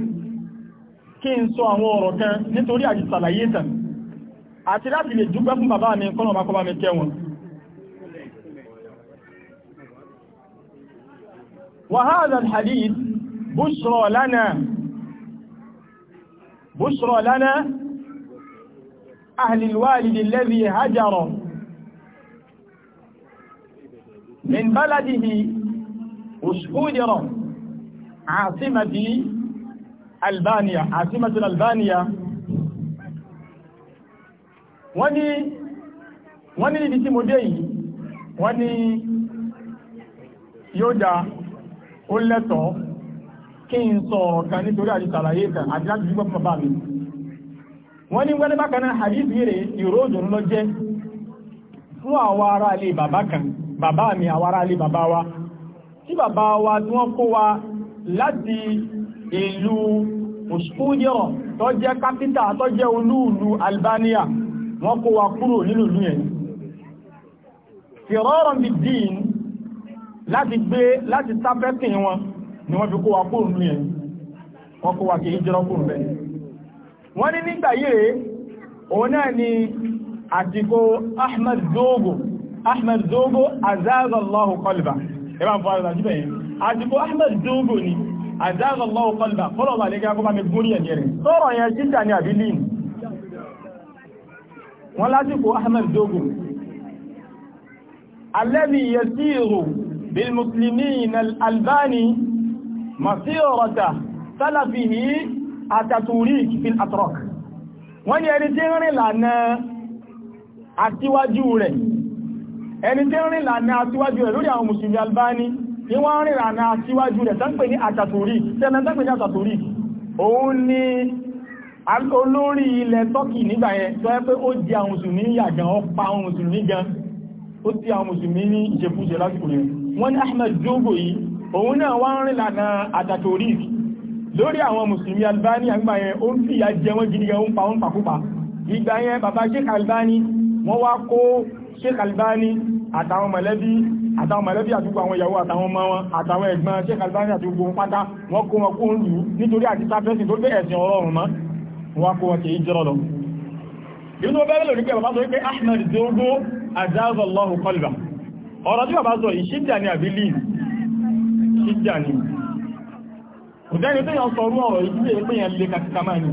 kí n sọ àwọn ọ̀rọ̀ kan nítorí àti sàlàyé tàn àti láti lè dúpẹ́ fún bàbá mi kọ́nà ọmọkọ́ bá mi kẹ́ wọn وهذا الحديث بشرى لنا بشرى لنا أهل الوالد الذي هجر من بلده وشهودر عاصمة albania asimatul albania Wani, wani wọ́n ní ibi tí mo dé yìí wọ́n ní yóò dá ó lẹ́tọ̀ọ́ kí n sọ ọ̀kan nítorí àdìsàlàyé kan àti láti dúpẹ́ bàbá mi wọ́n ní wẹ́lẹ́ bákan náà hadith rẹ̀ ìró òjòrò jẹ́ fún àwọn ará ilé bàbá kan bàbá mi àwọn ará ilé bàbá wa tí bàbá wa tí wọ́n kó wa láti ìlú òṣùpúnyọ̀ tó jẹ́ kápítà tó jẹ́ olúùlú Albania wọ́n kó wa kúrò nínú ìlú yẹn fìrọ́rọ̀ bí dín láti gbé láti sáfẹ́sìn wọn ni wọ́n fi kó wa kúrò nínú yẹn wọ́n kó wa kì jẹ́rọ kúrò bẹ́ẹ̀ wọ́n ní nígbà yìí òun náà ni àtìkò Ahmed Zogo Ahmed Zogo azazallahu qalba ẹ̀bá fún àrẹ̀ àjíbẹ̀yìn àtìkò Ahmed Zogo ni àdáàlọ́wọ́ kọlùbà kọlọ̀ bà lè kí akọ́bà mi gúrí ẹ̀ jẹ́rẹ̀ sọ́rọ̀ yẹn jíjà ní àbílì wọ́n lásìkò Ahmed Dogo alẹ́bí yẹ sí ìrò bil musulmi na albani masu yọrọta salafihi ataturik fil atrok wọ́n ni ẹni tí ń rìn lànà àtiwájú rẹ̀ ẹni tí ń rìn lànà àtiwájú rẹ̀ lórí àwọn musulmi albani ní wọ́n rìnrìn àná síwájú rẹ̀ tán pè ní àtàtòrí tẹ́lẹ̀ tán pè ní àtàtòrí òun ni olórí ilẹ̀ tọ́kì nígbà yẹn tó yẹ pé ó di àwọn mùsùlùmí yàgàn ó àwọn mùsùlùmí Ahmed Jogo yìí òun náà wọ́n rìn lànà àtàtòrí lórí àwọn mùsùlùmí Albani àgbà yẹn ó ń fìyà jẹ wọ́n gidi gan ó ń àtàwọn mọ̀lẹ́bí àtàwọn mọ̀lẹ́bí àdúgbò àwọn ìyàwó àtàwọn ọmọ wọn àtàwọn ẹ̀gbọ́n ṣe kàlùbáyé àti gbogbo pátá wọ́n kó wọn kó ń lù nítorí àti sáfẹ́sìn tó gbé ẹ̀sìn ọlọ́run mọ́ wọ́n kó wọn kìí jọrọ lọ inú bẹ́rẹ̀ lórí pé bàbá sọ wípé ahmed diogo azazallahu kọlba ọ̀rọ̀ tí bàbá sọ yìí ṣíjà ni àbí líì ṣíjà ni kò dẹ́ni tó yàn sọrú ọ̀rọ̀ yìí tí èyí pé yàn lè kàkàkà máa ní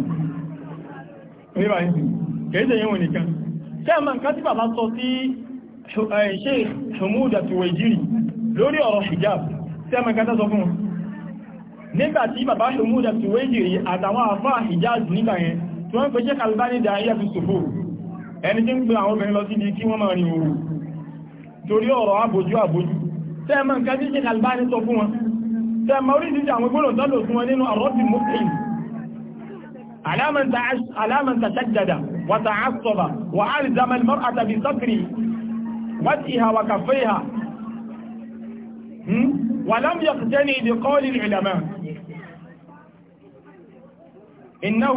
orí bá ń sìn kèéjẹ yẹn wọn nìkan kẹ́ẹ̀mà nǹkan tí bàbá sọ sí Sheikh Hamoud Tuwaijiri lórí ọ̀rọ̀ hijab tí a mẹ́kátà sọ fún nígbàtí bàbá Hamoud Tuwaijiri àtàwọn àfá hijab nígbà yẹn tí wọ́n pèsè kalbani da ayé fi sòfò ẹni tí ń gbé àwọn obìnrin lọ sí ibi kí wọ́n máa rin òru torí ọ̀rọ̀ abojú abojú tẹ́ ẹmọ nǹkan tí Sheikh Albani sọ fún wọn tẹ́ ẹmọ orí وجهها وكفيها ولم يقتني بقول العلماء إنه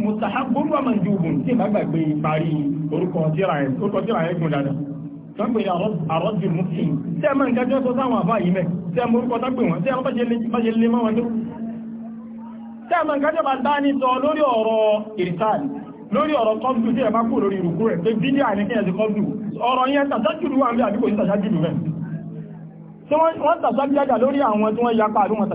مستحب ومندوب كما بقي باري orúkọ tíra ẹ̀ orúkọ tíra ẹ̀ gùn dáadáa tó ń pè ní àrọ́jù mùsùlùmí tí a máa ń gájọ́ tó sáwọn àbá yìí mẹ́ tí a mọ orúkọ tápè wọn tí a bá ṣe lé mọ́ wọn tó tí a máa ń gájọ́ bá dání sọ lórí ọ̀rọ̀ ìrìsáàlì lórí ọ̀rọ̀ kọ́bù tí ẹ bá kú lórí ìrùkú rẹ̀ pé bídíà ní kí ẹ ti kọ́bù ọ̀rọ̀ yẹn tàṣájúlù wà ní àdúgbò yìí tàṣájúlù rẹ̀ tí wọ́n tàṣájúdájà lórí àwọn tí wọ́n yapa àbí wọn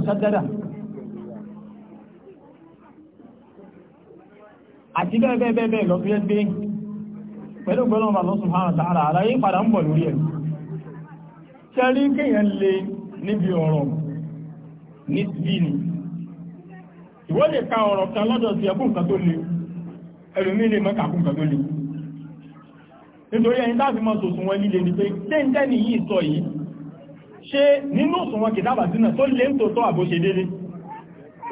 ìwọ́n ka ọ̀rọ̀ kan lọ́dọ̀ sí ẹkùn kan tó ẹlòmí lè mọ́ kàkún kan tó lè nítorí ẹni láti mọ́ sòsùn wọn líle ni pé tẹ́ntẹ́ni yìí sọ yìí ṣe nínú òsùn wọn kìtàbà sínà tó lè ń tó tọ́ àbò ṣe dédé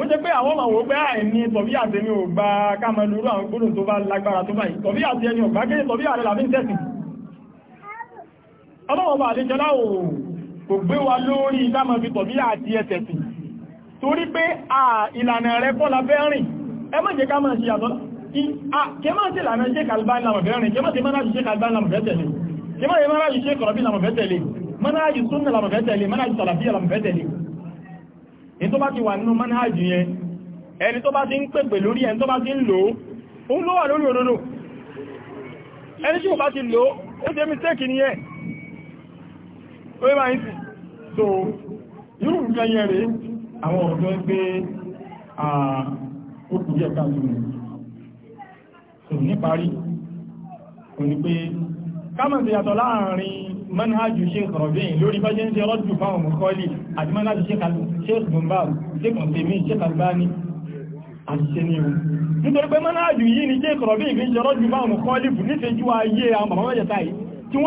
ó jẹ́ pé àwọn ọmọ ògbẹ́ àìní tọ̀bíyà tí ní ògbà kámẹ́lúrú àwọn gbóòrùn tó bá lágbára tó báyìí tọ̀bíyà tí ẹni ọ̀gbá kéde tọ̀bíyà rẹ̀ làbí ń àti ẹ̀tẹ̀sìn torí pé à ìlànà rẹ̀ kọ́ la fẹ́ rìn ẹ má jẹ́ kẹmọ́sí lànà ṣe kàlbáì ah, lámọ̀fẹ́rẹ́ kẹmọ́ sí mọ́nájú ṣe kàlbáì lámọ̀fẹ́ tẹ̀lé kẹmọ́ sí mọ́nájú ṣe kọ̀rọ̀bí lámọ̀fẹ́ tẹ̀lé mọ́nájú súnnà lámọ̀fẹ́ tẹ̀lé mọ́nájú sàlàfíà lámọ̀fẹ́ tẹ̀lé ní tó bá ti wà nínú mọ́nájú yẹn ẹni tó bá ti ń pèpè lórí ẹni tó bá ti ń lò ó ń ló wà lórí òdodo ẹni tí ó bá ti lò ó jẹ́ mistake ni ẹ̀ ó yẹ́ máa ń sì so irú nǹkan yẹn rèé àwọn ọ̀dọ́ gbé àà ah, ó kù díẹ̀ káàkiri tò níparí kò ní pé kámọ̀ sí yàtọ̀ láàrin manhajù sheikh rọ̀bìn lórí bá jẹ́ ń ṣe rọ́jù fáwọn mọ̀kọ́lì àti manhajù sheikh bumbab sheikh ọ̀sẹ̀mí sheikh albani àti ṣe ní ewu nítorí pé manhajù yìí ni sheikh rọ̀bìn fi ń ṣe rọ́jù fáwọn mọ̀kọ́lì fún níṣẹ́jú ayé àwọn bàbá mẹ́jẹta yìí tí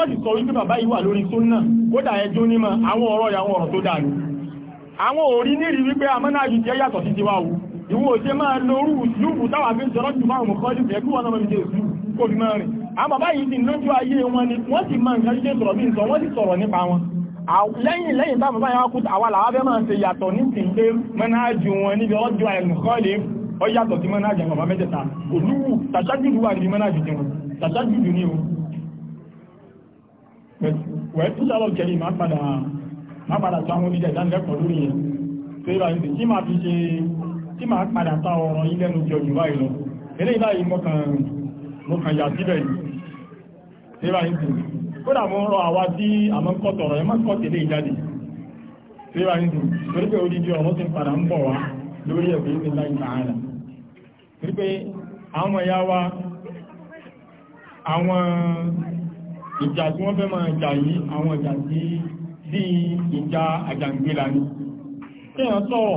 wọ́n ti ìwọ òṣè máa lórú ìlúùbù táwà fi ń sọ̀rọ̀ jù máa mọ̀kọ́ jù fẹ́ kí wọ́n náà jẹ́ ìlú kò fi máa rìn àwọn bàbá yìí ti lójú ayé wọn ni wọ́n sì máa nǹkan jíjẹ́ sọ̀rọ̀ bí n sọ wọ́n sì sọ̀rọ̀ nípa wọn lẹ́yìn lẹ́yìn bá bàbá yà kú àwa làwa fẹ́ máa ṣe yàtọ̀ ní ti pé mẹ́nájú wọn níbi ọjọ́ àìmùkọ́lé ó yàtọ̀ sí mẹ́nájú àwọn bàbá mẹ́tẹ̀ta olúwù tàṣájúdù wà níbi mẹ́nájú o wẹ́ẹ́ tí sálọ̀ kẹ́lì má tí máa padà ta ọ̀rọ̀ yí lẹ́nu jẹ òyìnbá ìlọ ilé ìláyìí mọ́kàn yà síbẹ̀ yìí tí bá ń tù kódà mọ́ rọ àwa tí àmọ́ kọ́tọ̀rọ̀ ẹ má kọ́ tẹ̀lé ìjáde tí bá ń tù torí pé odidi ọ̀rọ̀ ti padà ń bọ̀ wá lórí ẹ̀kọ́ yìí láì tààrà torí pé àwọn ọmọ ya wa àwọn ìjà tí wọ́n fẹ́ máa jà yìí àwọn ìjà tí bí ìjà àjàngbéla ni kéèyàn sọ̀rọ̀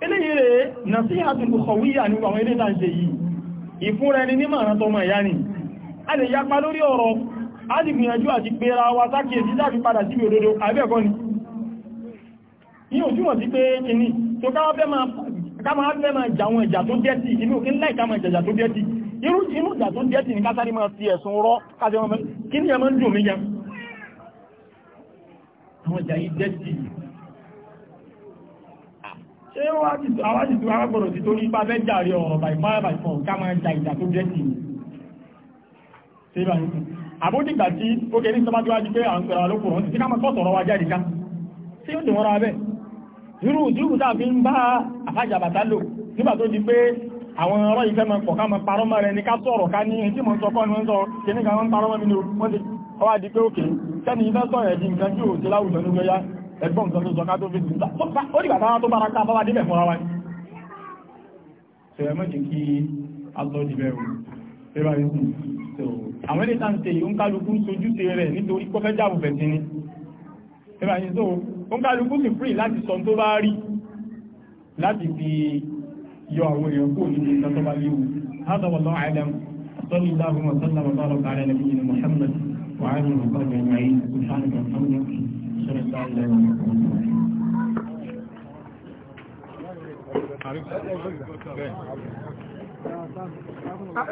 eléyìí rẹ̀ nà sí àtùnkùkọ̀wíyà ní àwọn ilé ìdájẹ́ yìí ìfúnra ẹni nímọ̀ràn tọmọ ìyá ni a lè yapa lórí ọ̀rọ̀ a lè gbìyànjú àti pera wa sákìyèsí láti padà sí òdodo àbẹ́ẹ̀kọ́ ni ní òjúmọ̀ sí pé kìíní tó ká máa fẹ́ máa jàwọn ìjà tó dẹ́tì inú kí ńlá ìkà máa jàjà tó ṣé a ti tó àwọn àjìtò arágbọ̀rọ̀ ti torí ipá bẹ́ẹ̀ jàre ọ̀rọ̀ bàì fọ́nrán bàì fọ́n ká máa ja ìjà tó jẹ́ sí i ṣé bá yín àbódìgbà tí ó kéré tó pé sí wa jáde ká ó ra fi ń bá àfàjàbàtà lò nígbà tó di pé àwọn ọ̀rọ̀ ìfẹ́ pọ̀ ká mọ́ mo parọ́ ẹgbọ́n nǹkan tó sọ ká tó fi sí ó dìgbà táwọn tó bára ká bá wá débẹ̀ fún wa ní ṣẹ̀rẹ̀ mọ́jì kí alọ́dì bẹ̀rù pẹ́bà rí sí àwọn ilé tàǹtẹ̀ yìí ó ń kálukú sojúṣe rẹ̀ nítorí pọ́fẹ́ jáàbù bẹ̀ sí ni pẹ́bà هذا والله أعلم صلى الله وسلم وبارك على نبينا محمد وعلى آله وصحبه أجمعين سبحانك وبحمدك Thank you.